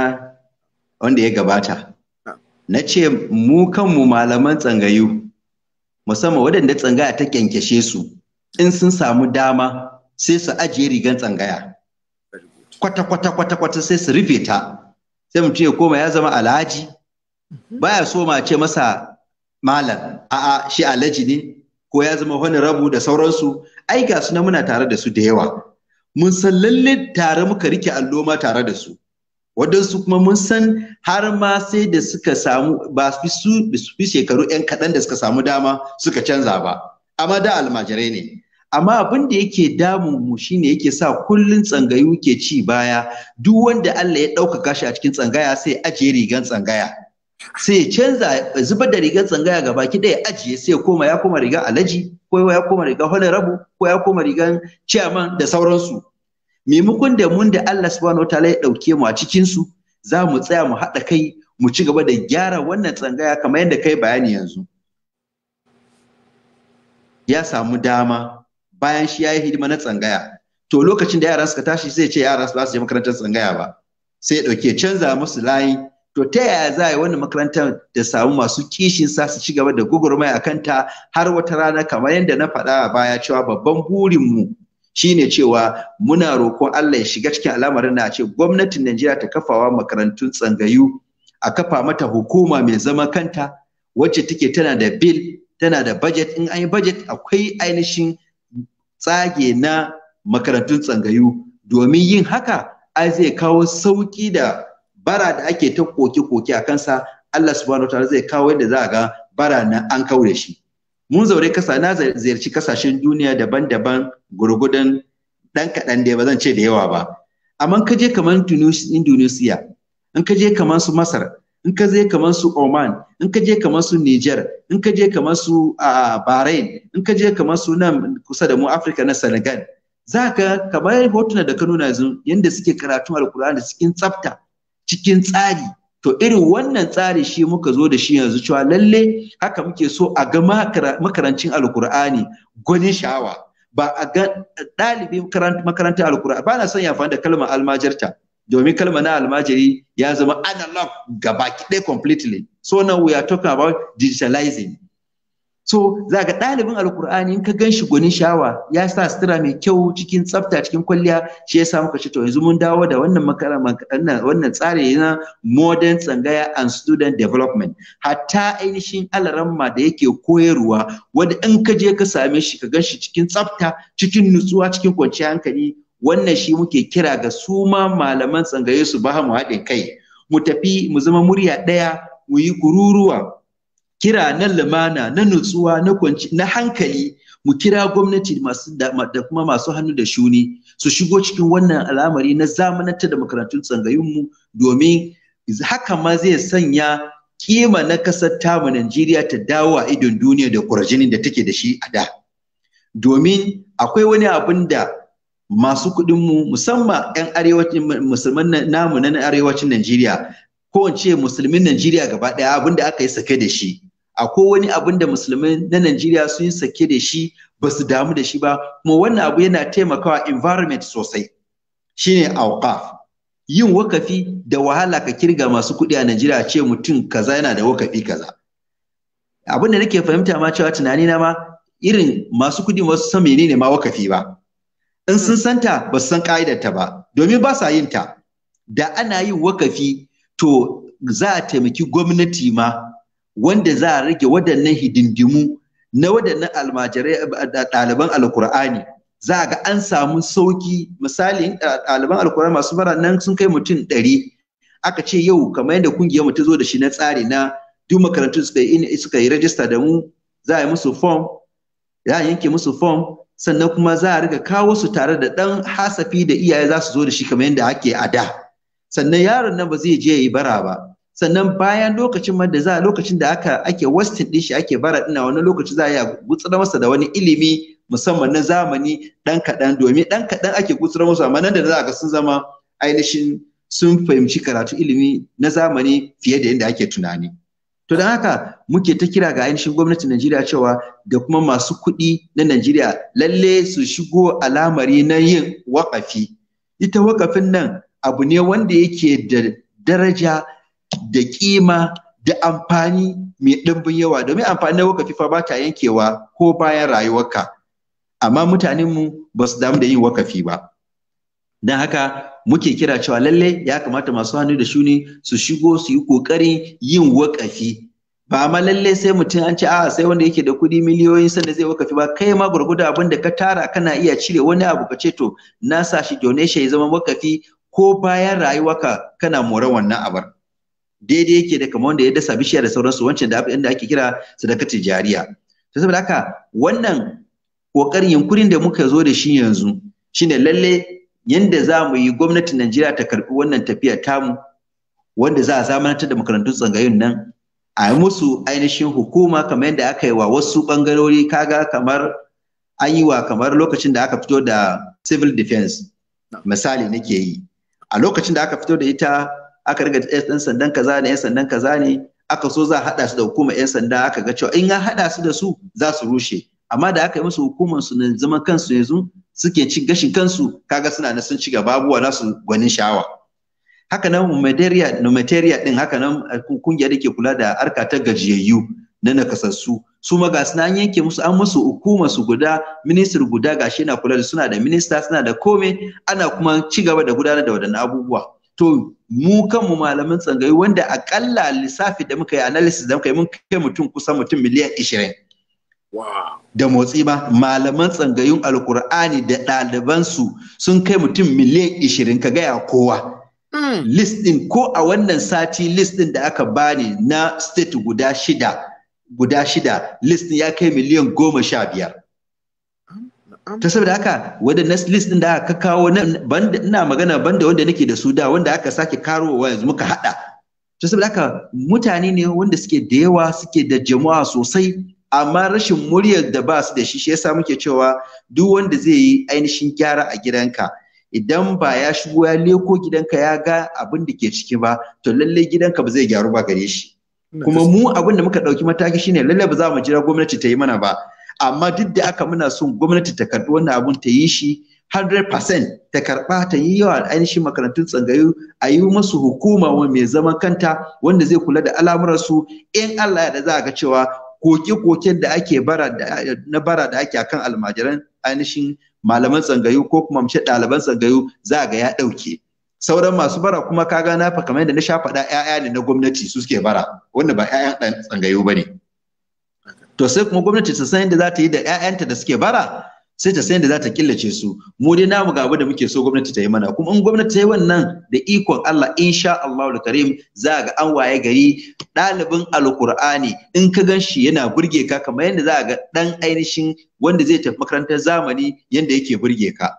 wanda ya gabata na ce mu kanmu malaman tsangayu musamman waɗanda tsangaya ta kyankyashe su in sun samu dama sai su ajiye rigan tsangaya kwata kwata kwata kwata sai su rufe ta sai mutum ya koma ya zama alhaji baya so ma ce masa malam a'a shi alhaji ne ko ya zama wani rabu da sauransu ai ga su muna tare da su da yawa mun san lalle tare muka rike allo ma tare da su waɗansu kuma mun san har ma sai da suka samu ba su fi shekaru 'yan kaɗan da suka samu dama suka canza ba amma da almajirai ne amma abin da yake damun mu shine yake sa kullun tsangayu ke ci baya duk wanda Allah ya ɗaukaka shi a cikin tsangaya sai ajiye rigan tsangaya sai canza zubar da rigan tsangaya ga baki ɗaya ajiye sai ya koma ya koma riga alaji ko ya koma rigan honorable ko ya koma rigan chairman da sauransu maimakon da mun da Allah subhanahu wataala ya dauke mu a cikin su za mu tsaya mu haɗa kai mu ci gaba da gyara wannan tsangaya kamar yadda kai bayani yanzu ya samu dama bayan shi ya yi hidima na tsangaya to lokacin da yara suka tashi zai ce yara ba su je makarantar tsangaya ba sai ya ɗauke canza musu layi to ta yaya za a yi wani makarantar da samu masu kishin sa su ci gaba da gugurmaya a kanta har wata rana kamar yadda na faɗa a baya cewa babban burinmu shine cewa muna roƙon Allah ya shiga cikin al'amarin na ce gwamnatin Najeriya ta kafawa makarantun tsangayu a kafa mata hukuma mai zama kanta wacce take tana da bill tana da budget in an yi budget akwai ainihin tsage na makarantun tsangayu domin yin haka ai zai kawo sauki da bara da ake ta koke-koke a kansa Allah subhanahu wataala zai kawo yadda za a ga bara na an kaure shi mun zaure kasa na ziyarci kasashen duniya daban-daban gurgudan dan kaɗan da ba zan ce da yawa ba amma ka je kamar Indonesia in ka je kamar su Masar in ka je kamar su Oman in ka je kamar su Niger in ka je kamar su Bahrain in ka je kamar su nan kusa da mu Afirka na Senegal za ka kamar hotuna da ka nuna yanzu yadda suke karatun alkur'ani cikin tsafta cikin tsari to irin wannan tsari shi muka zo da shi yanzu cewa lalle haka muke so a ga makarancin alkur'ani gwanin sha'awa ba a ga ɗalibin makarantar alkur'ani ba na son ya da kalmar almajarta domin kalma na almajiri ya zama analog gaba ɗaya completely so now we are talking about digitalizing so za ga ɗalibin alkur'ani in ka gan shi gwanin shawa ya sa sutura mai kyau cikin tsafta cikin kwalliya shi ya samu kashi to yanzu mun dawo da wannan makara wannan tsari na modern tsangaya and student development hatta ainihin alaramma da yake koyarwa wanda in ka je ka same shi ka gan shi cikin tsafta cikin nutsuwa cikin kwanciyar hankali wannan shi muke kira ga su ma malaman tsangaye su ba mu haɗin kai mu tafi mu zama murya ɗaya mu yi kururuwa kira na lumana na nutsuwa na kwanci na hankali mu kira gwamnati masu da kuma masu hannu da shuni su shigo cikin wannan al'amari na zamanantar da makarantun mu domin haka ma zai sanya kima na kasar tamu Najeriya ta dawo a idon duniya da kurajinin da take da shi a da. Domin akwai wani abin da masu kuɗinmu musamman 'yan arewacin musulman namu na arewacin Najeriya ko in musulmin Najeriya gaba ɗaya abin da aka yi sake da shi akwai wani abin da musulmai na Najeriya sun yi sake da shi ba su damu da shi ba kuma wannan abu yana taimakawa environment sosai shine auqaf yin wakafi da wahala ka kirga masu kuɗi a Najeriya ce mutum kaza yana da wakafi kaza abin da nake fahimta ma cewa tunani na ma irin masu kuɗi wasu san menene ma wakafi ba in sun santa ba su san ka'idarta ba domin ba sa yin ta da ana yin wakafi to za a taimaki gwamnati ma wanda za a rage waɗannan hidindimu na waɗannan almajirai ɗaliban alkur'ani za a ga an samu sauki misali ɗaliban alkur'ani masu mara nan sun kai mutum ɗari aka ce yau kamar yadda kungiyar mu ta zo da shi na tsari na duk makarantu suka yi yi rajista da mu za a yi musu form za yanke musu form sannan kuma za a riga kawo su tare da ɗan hasafi da iyaye za su zo da shi kamar yadda ake a da sannan yaron nan ba zai je ya yi bara ba sannan bayan lokacin ma da za lokacin da aka ake wastin din shi ake bara ina wani lokaci za a iya gutsura masa da wani ilimi musamman na zamani dan kaɗan domin dan kaɗan ake gutsura masa amma nan da za a ga sun zama ainihin sun fahimci karatu ilimi na zamani fiye da yadda ake tunani to don haka muke ta kira ga ainihin gwamnatin Najeriya cewa da kuma masu kuɗi na Najeriya lalle su shigo alamari na yin wakafi. ita wakafin nan abu ne wanda yake da daraja da ƙima da amfani mai ɗimbin yawa domin amfani na wakafi fa ba ta yankewa ko bayan rayuwarka amma mutanenmu ba su damu da yin wakafi ba don haka muke kira cewa lalle ya kamata masu hannu da shuni su shigo su yi ƙoƙarin yin wakafi ba ma lalle sai mutum an ce a, sai wanda yake da kuɗi miliyoyin sanda zai wakafi ba kai ma gurguda abin da ka tara kana iya cire wani abu ka ce to na sa shi donation ya zama wakafi ko bayan rayuwarka kana more wannan abar. daidai yake da kamar wanda ya dasa bishiya da sauransu wancan da abin da ake kira sadakatin jariya to saboda haka wannan kokarin yunkurin da muka zo da shi yanzu shine lalle yanda za mu yi gwamnatin Najeriya ta karbi wannan tafiya tamu wanda za a zamanantar da makarantun tsangayin nan a yi musu ainihin hukuma kamar yadda aka yi wa wasu bangarori kaga kamar an yi wa kamar lokacin da aka fito da civil defense misali nake yi a lokacin da aka fito da ita aka riga yan sandan kaza ne yan sandan kaza ne aka so za a haɗa su da hukumar yan sanda aka ga cewa in ya haɗa su da su za su rushe amma da aka yi musu hukumar su na zama kansu yanzu suke ci gashin kansu kaga suna na sun ci gaba abubuwa nasu gwanin sha'awa haka nan numeteria din haka nan kungiya da ke kula da harka ta gajiyayyu na nakasassu su ma ga suna yanke musu an musu hukuma su guda ministir guda gashi na kula da suna da minista suna da komai. ana kuma ci gaba da gudanar da wadannan abubuwa to mu kanmu malaman tsangayi wanda akalla lissafi da muka yi analysis da muka yi mun kai mutum kusan mutum miliyan 20 da motsi ba malaman tsangayin alkur'ani da ɗalibansu sun kai mutum miliyan 20 ka gaya kowa hmm. list din ko a wannan sati list din da aka bani na state guda shida guda shida list ya kai miliyan goma sha biyar ta saboda haka wadda na list din da aka kawo ina magana banda wanda nake da su da wanda aka sake karowa yanzu muka hada ta saboda haka mutane ne wanda suke da yawa suke da jama'a sosai amma rashin muryar da ba su da shi shi yasa muke cewa duk wanda zai yi ainihin gyara a gidanka idan ba ya shigo ya leko gidanka ya ga abin da ke ciki ba to lallai gidanka ba zai gyaru ba gare shi kuma mu abin da muka ɗauki mataki shine lallai ba za mu jira gwamnati ta yi mana ba amma duk da aka muna son gwamnati ta karɓi wannan abun ta yi shi 100% ta karɓa ta yi yawa a ainihin makarantun tsangayu a yi masu hukuma mai zaman kanta wanda zai kula da al'amuransu in Allah da za a ga cewa koke-koken da ake bara na bara da ake akan almajiran ainihin malaman tsangayu ko kuma mace ɗaliban tsangayu za ga ya ɗauke sauran masu bara kuma kaga na fa kamar yadda na sha faɗa 'ya'ya ne na gwamnati su suke bara wanda ba 'ya'yan ɗan tsangayu ba ne. to sai kuma gwamnati ta san yadda za ta yi da 'ya'yanta da suke bara sai ta san yadda za ta killace su mu dai namu ga abu da muke so gwamnati ta yi mana kuma in gwamnati ta yi wannan da ikon Allah insha Allahu karim za ga an waye gari ɗalibin alkur'ani in ka gan shi yana burge ka kamar yadda za ga ɗan ainihin wanda zai tafi makarantar zamani yadda yake burge ka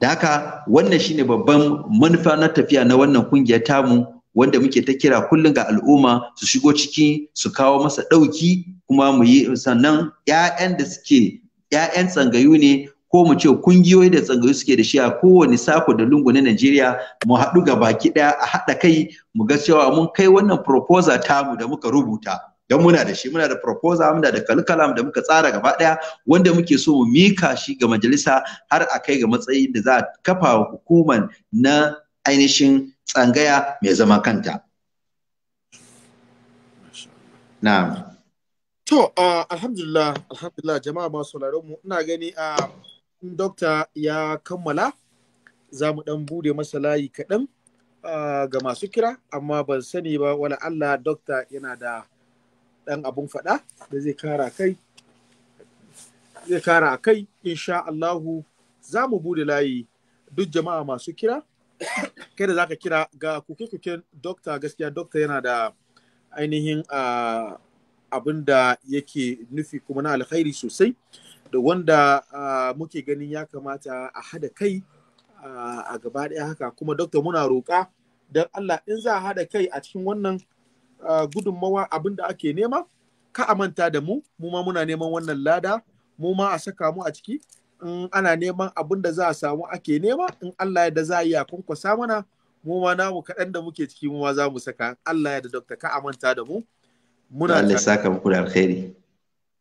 da haka wannan shine babban manufa na tafiya na wannan kungiyar tamu wanda muke ta kira kullum ga al'umma su shigo ciki su kawo masa ɗauki kuma mu yi sannan ‘ya'yan da suke ‘ya'yan tsangayu ne ko mu ce kungiyoyi da tsangayu suke da shi a kowane sako da lungu na Najeriya mu haɗu ga baki ɗaya a haɗa kai mu ga cewa mun kai wannan proposal mu da muka rubuta don muna da shi muna da proposal muna da kalkalam da muka tsara gaba ɗaya wanda muke so mu mika shi ga majalisa har a kai ga matsayin da za a kafa hukuman na ainihin tsangaya mai zama kanta Na. to alhamdulillah alhamdulillah jama'a masu mu ina gani a dokta ya kammala za mu dan bude masa layi kaɗan ga masu kira amma ban sani ba wani Allah dokta yana da ɗan abun faɗa da zai kara kai zai kara a kai insha Allahu za mu bude layi duk jama'a masu kira kai da za ka kira ga kuke kuke dokta gaskiya dokta yana da ainihin abin da yake nufi kuma na alkhairi sosai da wanda muke ganin ya kamata a hada kai a gaba ɗaya haka kuma dokta muna roƙa don Allah in za a hada kai a cikin wannan gudunmawa abin da ake nema ka a manta da mu mu ma muna neman wannan lada mu ma a saka mu a ciki in ana neman abin da za a samu ake nema in Allah ya da za a yi a kunkwasa mana mu ma namu kaɗan da muke ciki mu ma za mu saka Allah ya da dokta ka amanta da mu muna Allah saka muku da alkhairi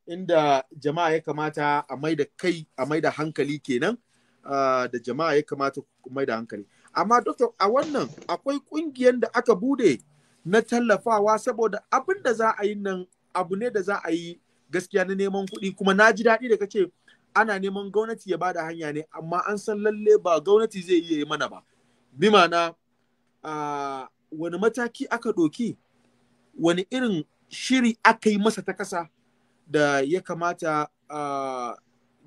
inda jama'a ya kamata a mai da kai a mai da hankali kenan ah, da jama'a ya kamata ku mai da hankali amma dokta a wannan akwai ƙungiyar da aka bude na tallafawa saboda abin da za a yi nan abu ne da za a yi gaskiya na neman kuɗi kuma na ji daɗi da kace ce ana neman gwamnati ya bada hanya ne amma an san lalle ba gwamnati zai iya yi mana ba bi mana wani mataki aka ɗoki wani irin shiri aka yi masa ta kasa da ya kamata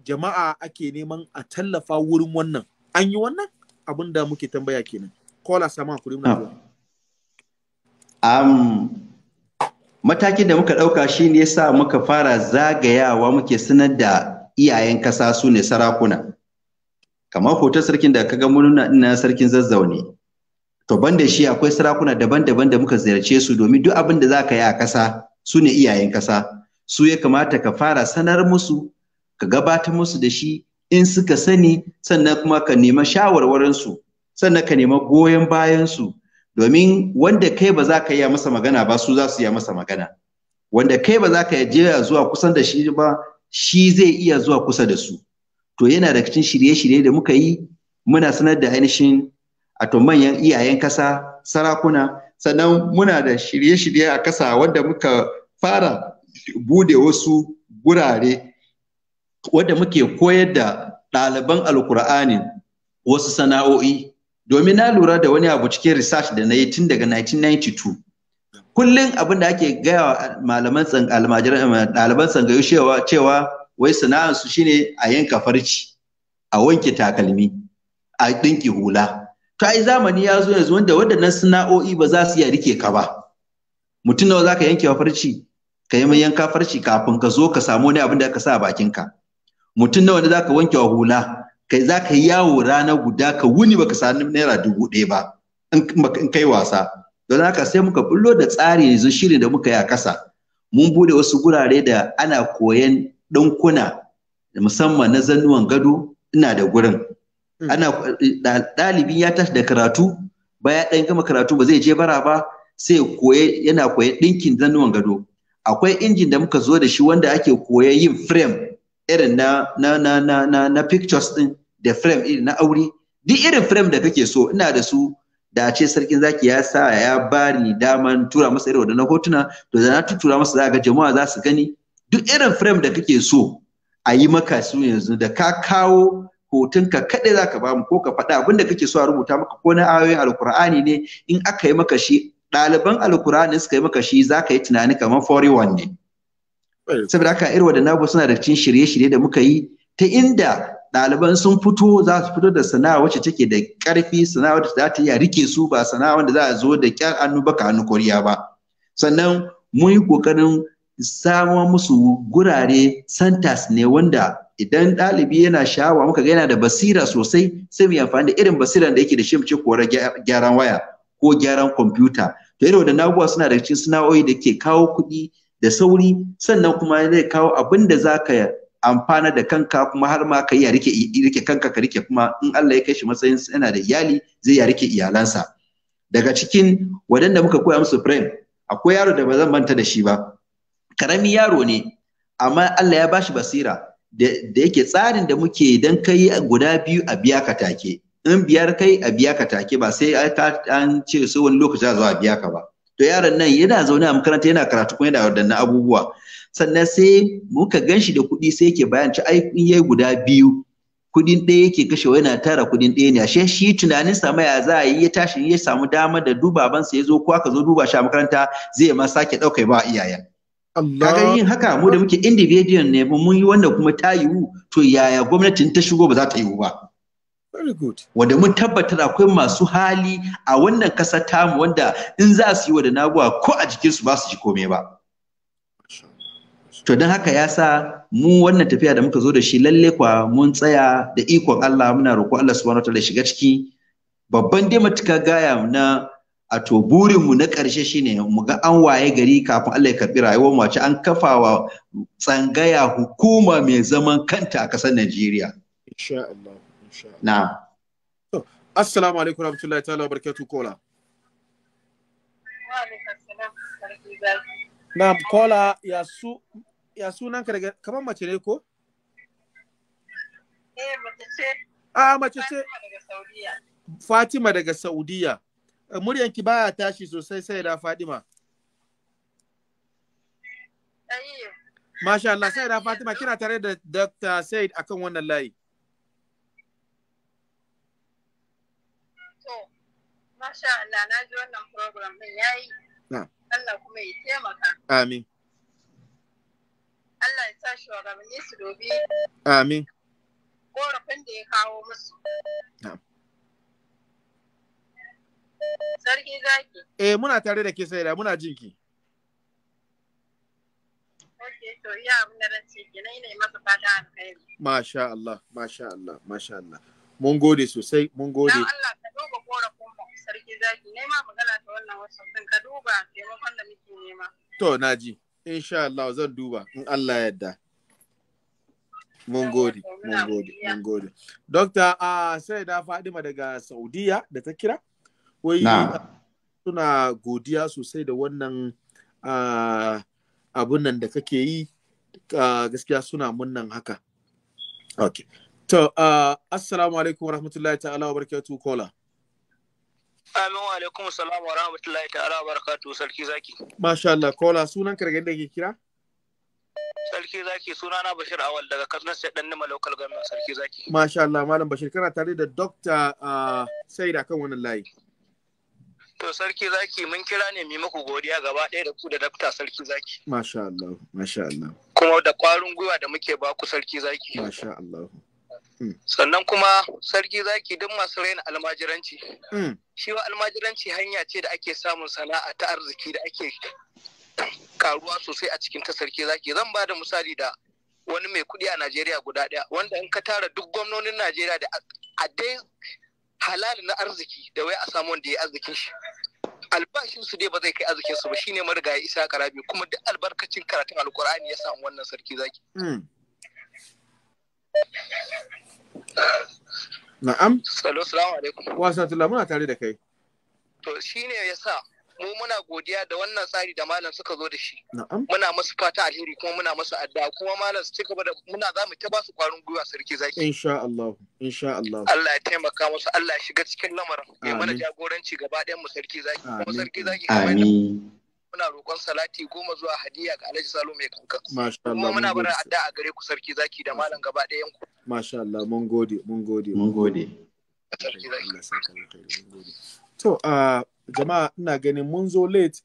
jama'a ake neman a tallafa wurin wannan an yi wannan abin da muke tambaya kenan kola sama kuri muna um, matakin da muka ɗauka shi ne ya sa muka fara zagayawa muke sanar da iyayen kasa su ne sarakuna kamar hoton sarkin da kaga ga nuna ina sarkin zazzau ne to da shi akwai sarakuna daban-daban da muka ziyarce su domin duk abin da za ka yi a kasa su ne iyayen kasa su ya kamata ka fara sanar musu ka gabatar musu da shi in suka sani sannan kuma ka nema shawarwarinsu sannan ka nema goyon bayansu domin wanda kai ba za ka yi masa magana ba su za su yi masa magana wanda kai ba za ka yi zuwa kusan da shi ba shi zai iya zuwa kusa da su to yana da cikin shirye-shirye da muka yi muna sanar da ainihin ato manyan iyayen kasa sarakuna sannan muna da shirye-shirye a kasa wanda muka fara bude wasu gurare wanda muke koyar da ɗaliban alkur'ani wasu sana'o'i domin na lura da wani abu cikin research da na yi tun daga 1992 kullum abin da ake gaya wa malaman eh, ɗaliban tsangayu cewa cewa wai sana'arsu shine a yanka farci a wanke takalmi a ɗinki hula to ai zamani ya zo yanzu wanda waɗannan sana'o'i ba za su iya rike ka ba mutum nawa zaka yanke farci ka yi mai yanka farci kafin ka zo ka samu wani abin da ka sa a ka mutum nawa ne zaka wanke wa hula kai za ka yawo rana guda ka wuni baka sami naira dubu ɗaya ba in kai wasa don haka sai muka bullo da tsari yanzu shirin da muka yi a ƙasa mun bude wasu gurare da ana koyan ɗinkuna musamman na zannuwan gado ina da gurin hmm. ana ya tashi da karatu baya ɗan gama karatu ba zai je bara ba sai koye yana koyan ɗinkin zannuwan gado akwai injin da muka zo da shi wanda ake koyan yin frame irin na na na na na, pictures din da frame irin na aure duk irin frame da kake so ina da su da a ce sarkin zaki ya sa ya bari daman tura masa irin wadannan hotuna to da na tura masa za ga jama'a za su gani duk irin frame da kake so a yi maka su yanzu da ka kawo hotunka kaɗai za ka bamu ko ka faɗa abinda kake so a rubuta maka ko na ayoyin alkur'ani ne in aka yi maka shi ɗaliban alkur'ani suka yi maka shi za ka yi tunani kamar fori ne saboda haka irin wadannan suna da cikin shirye-shirye da muka yi ta inda ɗaliban sun fito za su fito da sana'a wacce take da ƙarfi sana'a wacce za ta iya rike su ba sana'a wanda za a zo da kyar hannu baka hannu koriya ba sannan mun yi ƙoƙarin samo musu gurare santas ne wanda idan ɗalibi yana sha'awa muka ga yana da basira sosai sai mu amfani da irin basiran da yake da shi mu gyaran waya ko gyaran kwamfuta to irin wanda naguwa suna da cikin sana'o'i da ke kawo kuɗi da sauri sannan kuma zai kawo abin da za ka amfana da kanka kuma har ma ka iya rike rike kanka ka rike kuma in Allah ya kai shi matsayin yana da iyali zai ya rike iyalansa daga cikin wadanda muka koya musu frame akwai yaro da ba zan manta da shi ba karami yaro ne amma Allah ya bashi basira da yake tsarin da muke dan kai guda biyu a biya ka take in biyar kai a biya ka take ba sai an ce so wani lokaci za a biya ka ba to yaron nan yana zaune a makaranta yana karatu kuma yana wadannan abubuwa sannan sai muka gan shi da kuɗi sai yake bayan ci ai kun yayi guda biyu kuɗin ɗaya yake kashewa yana tara kuɗin ɗaya ne ashe shi tunanin sama ya za a yi ya tashi ya samu dama da dubabansa ya zo ko aka zo duba shi a makaranta zai ma sake ɗaukai ba iyayen. Kaga yin haka mu da muke individual ne mun yi wanda kuma ta yiwu to yaya gwamnatin ta shigo ba za ta yiwu ba. Wanda mun tabbatar akwai masu hali a wannan kasa tamu wanda in za su yi wa da naguwa ko a jikinsu ba su ji komai ba. to don haka ya sa mu wannan tafiya da muka zo da shi lalle kwa mun tsaya da ikon Allah muna roƙo Allah subhanahu wataala shiga ciki babban dai matuka gaya na a to burin mu na ƙarshe shine mu ga an waye gari kafin Allah ya karbi rayuwar mu wace an kafawa tsangaya hukuma mai zaman kanta a ƙasar Najeriya insha Allah insha Allah na assalamu alaikum rahmatullahi ta'ala barkatu kola Na'am kola ya su ya sunan ka daga kamar mace ne ko? Eh mace ce. A mace ce. Fatima daga Saudiya. Eh, Muryan ki baya tashi sosai sai da Fatima. Masha Allah sai da Fatima kina tare da Dr. Said akan wannan layi. Masha Allah na ji wannan program din yayi. Allah kuma ya taimaka. Amin. Allah ya sa shugabanni su dobi. Amin. Korafin ya kawo musu. Sarki zaki. Eh muna tare da ke saida muna jinki. to ya abin da ke, na yi kenan ina masa a alkhairi. Masha Allah, masha Allah, masha Allah. Mun gode sosai, mun gode. Na Allah ka duba korafin mu sarki zaki nema magana ta wannan wasu ka duba taimakon mutu ne ma. To na ji. insha Allah zan duba in Allah yadda mun gode mun gode mun gode dokta uh, sai da fadima daga saudiya da ta kira wai suna godiya sosai da wannan uh, abun nan da kake yi uh, gaskiya suna munnan haka okay to uh, assalamu alaikum warahmatullahi ta'ala wa barakatuh Amin wa alaikum salam wa rahmatullahi ta'ala wa barakatuhu sarki zaki. Masha Allah, kola sunan kargar da ke kira? Sarki zaki suna na Bashir Awal daga Katsina State dan Nima Local Government Sarki zaki. Masha Allah, Malam Bashir kana tare da Dr. Saida kan wannan layi. To sarki zaki mun kira ne mu muku godiya gaba ɗaya da ku da dakta sarki zaki. Masha Allah, masha Allah. Kuma da ƙwarin gwiwa da muke baku sarki zaki. Masha Allah. Mm. sannan kuma sarki zaki duk masu raina almajiranci mm. shi wa almajiranci hanya ce da ake samun sana'a ta arziki da ake karuwa sosai a cikin ta sarki zaki zan ba da misali da wani mai kuɗi a najeriya guda ɗaya wanda in ka tara duk gwamnonin najeriya da a dai halal na arziki da wai a samu wanda ya arzikin shi albashin su dai ba zai kai arzikin su ba shine marigayi isa karabi kuma duk albarkacin karatun alkur'ani ya samu wannan sarki zaki mm. Na'am. Salo, salamu alaikum. Wa sanatullah muna tare da kai. To shi ne ya sa mu muna godiya da wannan tsari da malam suka zo da shi. Muna musu fata alheri kuma muna musu addu'a kuma malam su cika da muna za mu ta ba su kwarin gwiwa sarki zaki. Insha Allah. Insha Allah. Allah ya taimaka musu Allah ya shiga cikin lamarin. Ya mana jagoranci gaba ɗayan mu sarki zaki. Kuma sarki zaki. Amin. muna roƙon salati goma zuwa hadiya ga Alhaji Salo mai kankan. Masha Allah. Kuma muna barin a gare ku sarki zaki da malam gaba ɗayan Masha Allah mun gode mun gode mun gode. To jama'a ina ganin mun zo late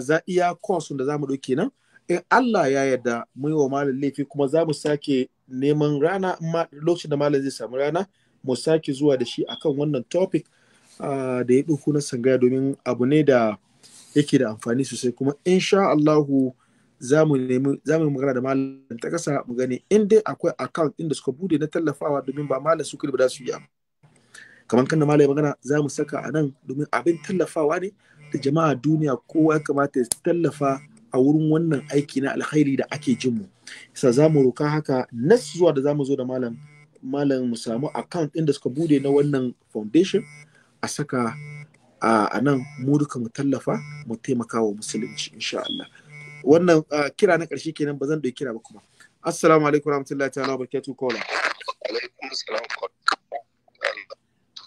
za iya course da zamu ɗauke nan. In Allah ya yarda mu yi wa malam laifi kuma za mu sake neman rana lokacin da malam zai samu rana mu sake zuwa da shi akan wannan topic da ya ɗauko na sangaya domin abu ne da yake da amfani sosai kuma insha Allahu za mu magana da malam ta kasa mu gani in dai akwai account ɗin da suka bude na tallafawa domin ba malam su ba za su yi amma kamar kan da malam magana za mu saka a nan domin abin tallafawa ne da jama'a duniya kowa ya kamata ya tallafa a wurin wannan aiki na alkhairi da ake jin mu sa za mu roka haka nas zuwa da za mu zo da malam mu samu account ɗin da suka bude na wannan foundation a saka a nan mu duka mu tallafa mu taimaka wa musulunci insha Allah wannan kira na ƙarshe kenan ba zan ɗauki kira ba kuma assalamu alaikum warahmatullahi ta'ala wa barakatuh kola alaikum assalam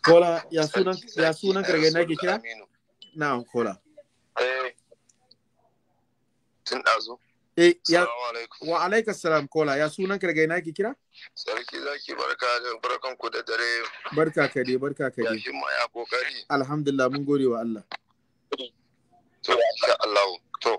kola ya sunan ya sunan karga nake kira na'am kola eh tun dazo Eh, wa alaika salam kola ya sunan ka daga ina ki kira? Sarki zaki barka da barkan ku da dare. Barka ka dai barka ka dai. Yashin ma ya kokari. Alhamdulillah mun gode wa Allah. To insha Allah. To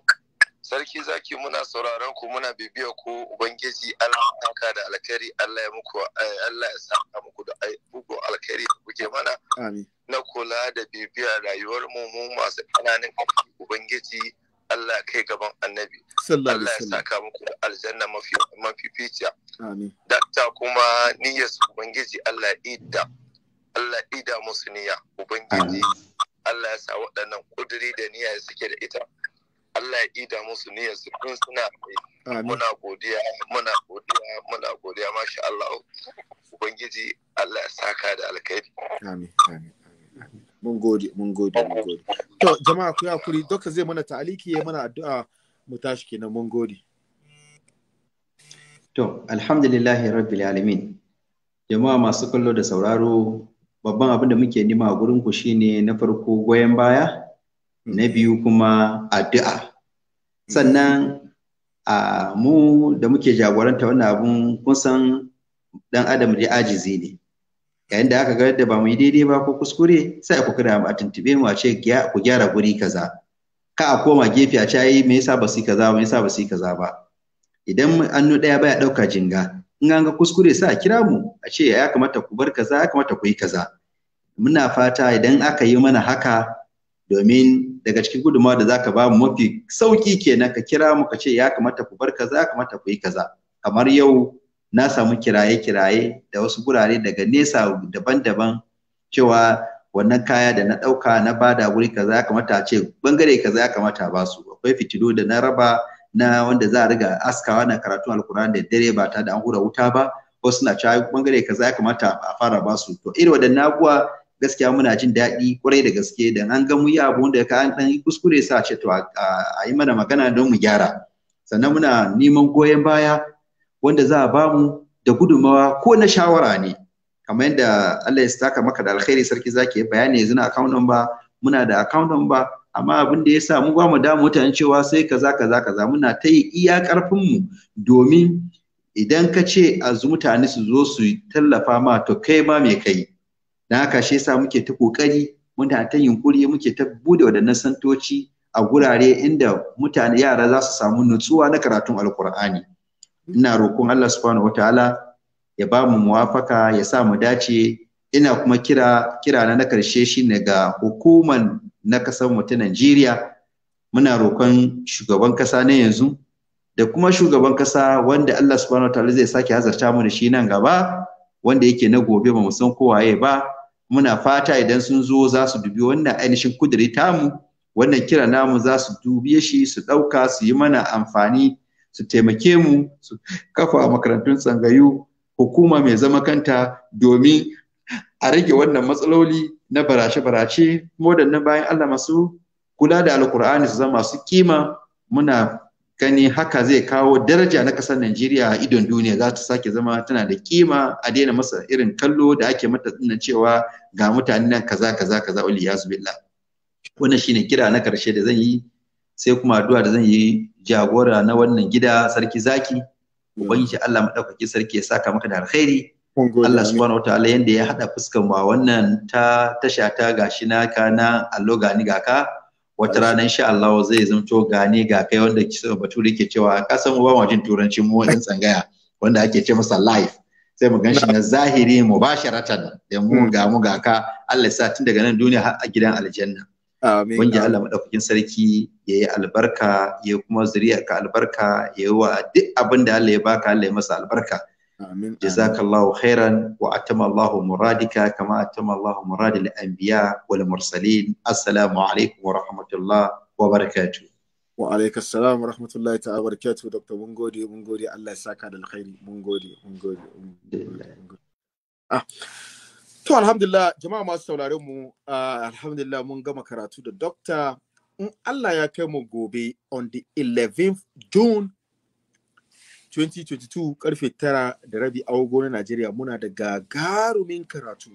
sarki zaki muna sauraron ku muna bibiya ku ubangiji Allah danka da alkhairi Allah ya muku eh, Allah ya saka muku da bugu eh, alkhairi kuke mana. Amin. Na kula da bibiya rayuwar mu mu masu kananan ubangiji Allah kai gaban annabi Allah ya saka muku da aljanna mafi Amin. dakta kuma niyyar su ubangiji Allah idda Allah ida musu niyya ubangiji Allah ya sa waɗannan kudiri da niyya suke da ita Allah ya ida musu niyyar su kun suna muna godiya muna godiya muna godiya masha Allah ubangiji Allah ya saka da alkhairi amin amin mun gode mun gode mun gode to jama'a ku hakuri doka zai mana ta'aliki ya mana addu'a mu tashi kenan mun gode to alhamdulillahi rabbil alamin jama'a masu kallo da sauraro babban abin da muke nima a gurin ku shine na farko goyon baya na biyu kuma addu'a sannan a mu da muke jagoranta wannan abun kun san dan adam da ajizi ne yayin da aka ga yadda ba mu yi daidai ba ko kuskure sai ku kira a tuntube mu a ce ku gyara guri kaza ka a koma gefe a ce me yasa ba su kaza me yasa ba su kaza ba idan annu daya baya dauka jinga in an ga kuskure sai a kira mu a ce ya kamata ku bar kaza ya kamata ku yi kaza muna fata idan aka yi mana haka domin daga cikin gudunmawa da zaka ba mu mafi sauki kenan ka kira mu ka ce ya kamata ku bar kaza ya kamata ku yi kaza kamar yau na samu kiraye-kiraye da wasu gurare daga nesa daban-daban cewa wannan kaya da na ɗauka na bada wuri kaza ya kamata a ce bangare kaza ya kamata a su. akwai fitilu da na raba na wanda za a riga askawa na karatun alkur'ani da dare ba ta da an hura wuta ba wasu suna cewa bangare kaza ya kamata a fara ba su. to irin waɗannan abubuwa gaskiya muna jin daɗi kwarai da gaske da an ga mu yi abu da ka an ɗan kuskure sa ce to a yi mana magana don mu gyara sannan muna neman goyon baya wanda za a ba mu da gudunmawa ko na shawara ne kamar yadda Allah ya saka maka da alkhairi sarki zaki bayani yanzu na account number muna da account number amma abin da ya sa mu ba mu da mutane cewa sai kaza kaza kaza muna ta yi iya karfin mu domin idan ka ce a mutane su zo su tallafa ma to kai ma me kai dan haka shi yasa muke ta kokari muna ta yunkuri muke ta bude wadannan santoci a gurare inda mutane yara za su samu nutsuwa na karatun alkur'ani ina roƙon Allah subhanahu wataala ya ba mu muwafaka ya sa mu dace ina kuma kira kira na karshe shine ga hukuman na kasar mu ta Najeriya muna roƙon shugaban kasa na yanzu da kuma shugaban ƙasa wanda Allah subhanahu wataala zai sake hazarta mu da shi nan gaba wanda yake na gobe ba mu san kowaye ba muna fata idan sun zo za su dubi wannan ainihin kudiri tamu wannan kira namu za su dubi shi su ɗauka su yi mana amfani su taimake mu su kafa makarantun tsangayu hukuma mai zama kanta domin a rage wannan matsaloli na barace-barace kuma bayan Allah masu kula da alkur'ani su zama masu kima muna gani haka zai kawo daraja na ƙasar Najeriya a idon duniya za ta sake zama tana da kima a daina masa irin kallo da ake mata tsina cewa ga mutane nan kaza kaza kaza uli yasu billah wannan shine kira na karshe da zan yi sai kuma addu'a da zan yi jagora na wannan gida sarki zaki mm. ubangiji Allah madaukaki sarki ya saka maka da alkhairi Allah subhanahu wataala yanda ya hada fuskan ma wannan ta tasha ta gashi ka na allo gani ka wata rana insha Allah zai zanto gane ga kai wanda bature ke cewa kasan uban wajen turanci mu in tsangaya wanda ake ce masa live sai mu ganshi na zahiri mubasharatan da mu mm. ga mu ga ka Allah ya sa tun daga nan duniya har a gidan aljanna Wanda Allah maɗaukakin sarki ya yi albarka ya kuma ka albarka ya yi wa duk abin da Allah ya baka Allah ya masa albarka. Amin. Jazakallahu khairan wa atama Allahu muradika kama atama Allahu muradil anbiya wal mursalin. Assalamu alaikum wa rahmatullah wa barakatuh. wa assalam wa rahmatullah ta barakatu dr mun gode allah ya saka da alkhairi mun gode mun ah To alhamdulillah jama'a masu sauraron mu uh, alhamdulillah mun gama karatu da doctor in Allah ya kai mu gobe on the 11th June 2022 karfe tara da rabi agogo na Najeriya muna da gagarumin karatu.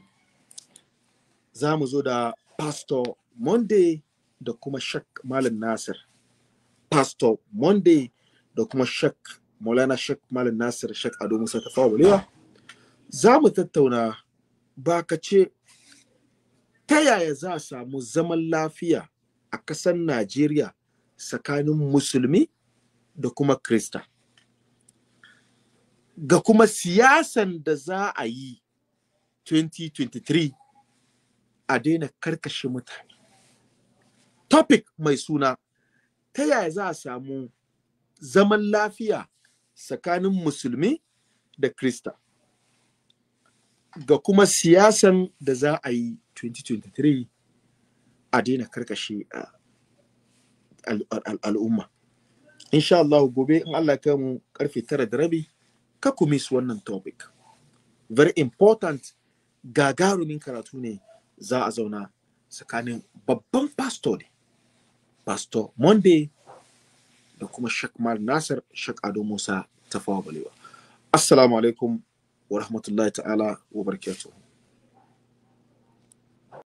Za mu zo da Pastor Monday da kuma sheikh Malam Nasir. Pastor Monday da kuma sheikh Maulana Malam Nasir Shak Ado Musa tafawuliya Za mu tattauna ba ka ce ta yaya za a samu zaman lafiya a ƙasar Najeriya tsakanin musulmi da kuma krista ga kuma siyasan da za a yi 2023 a daina karkashe mutane topic mai suna ta yaya za a samu zaman lafiya tsakanin musulmi da krista ga kuma siyasan da za a yi 2023 a daina karkashe al'umma insha Allah gobe in Allah ka mu karfe tara da rabi ka ku miss wannan topic very important gagarumin karatu ne za a zauna tsakanin babban pastor ne pastor monday da kuma Shakmar nasir shak ado musa tafawa balewa assalamu alaikum wa rahmatullahi ta'ala wa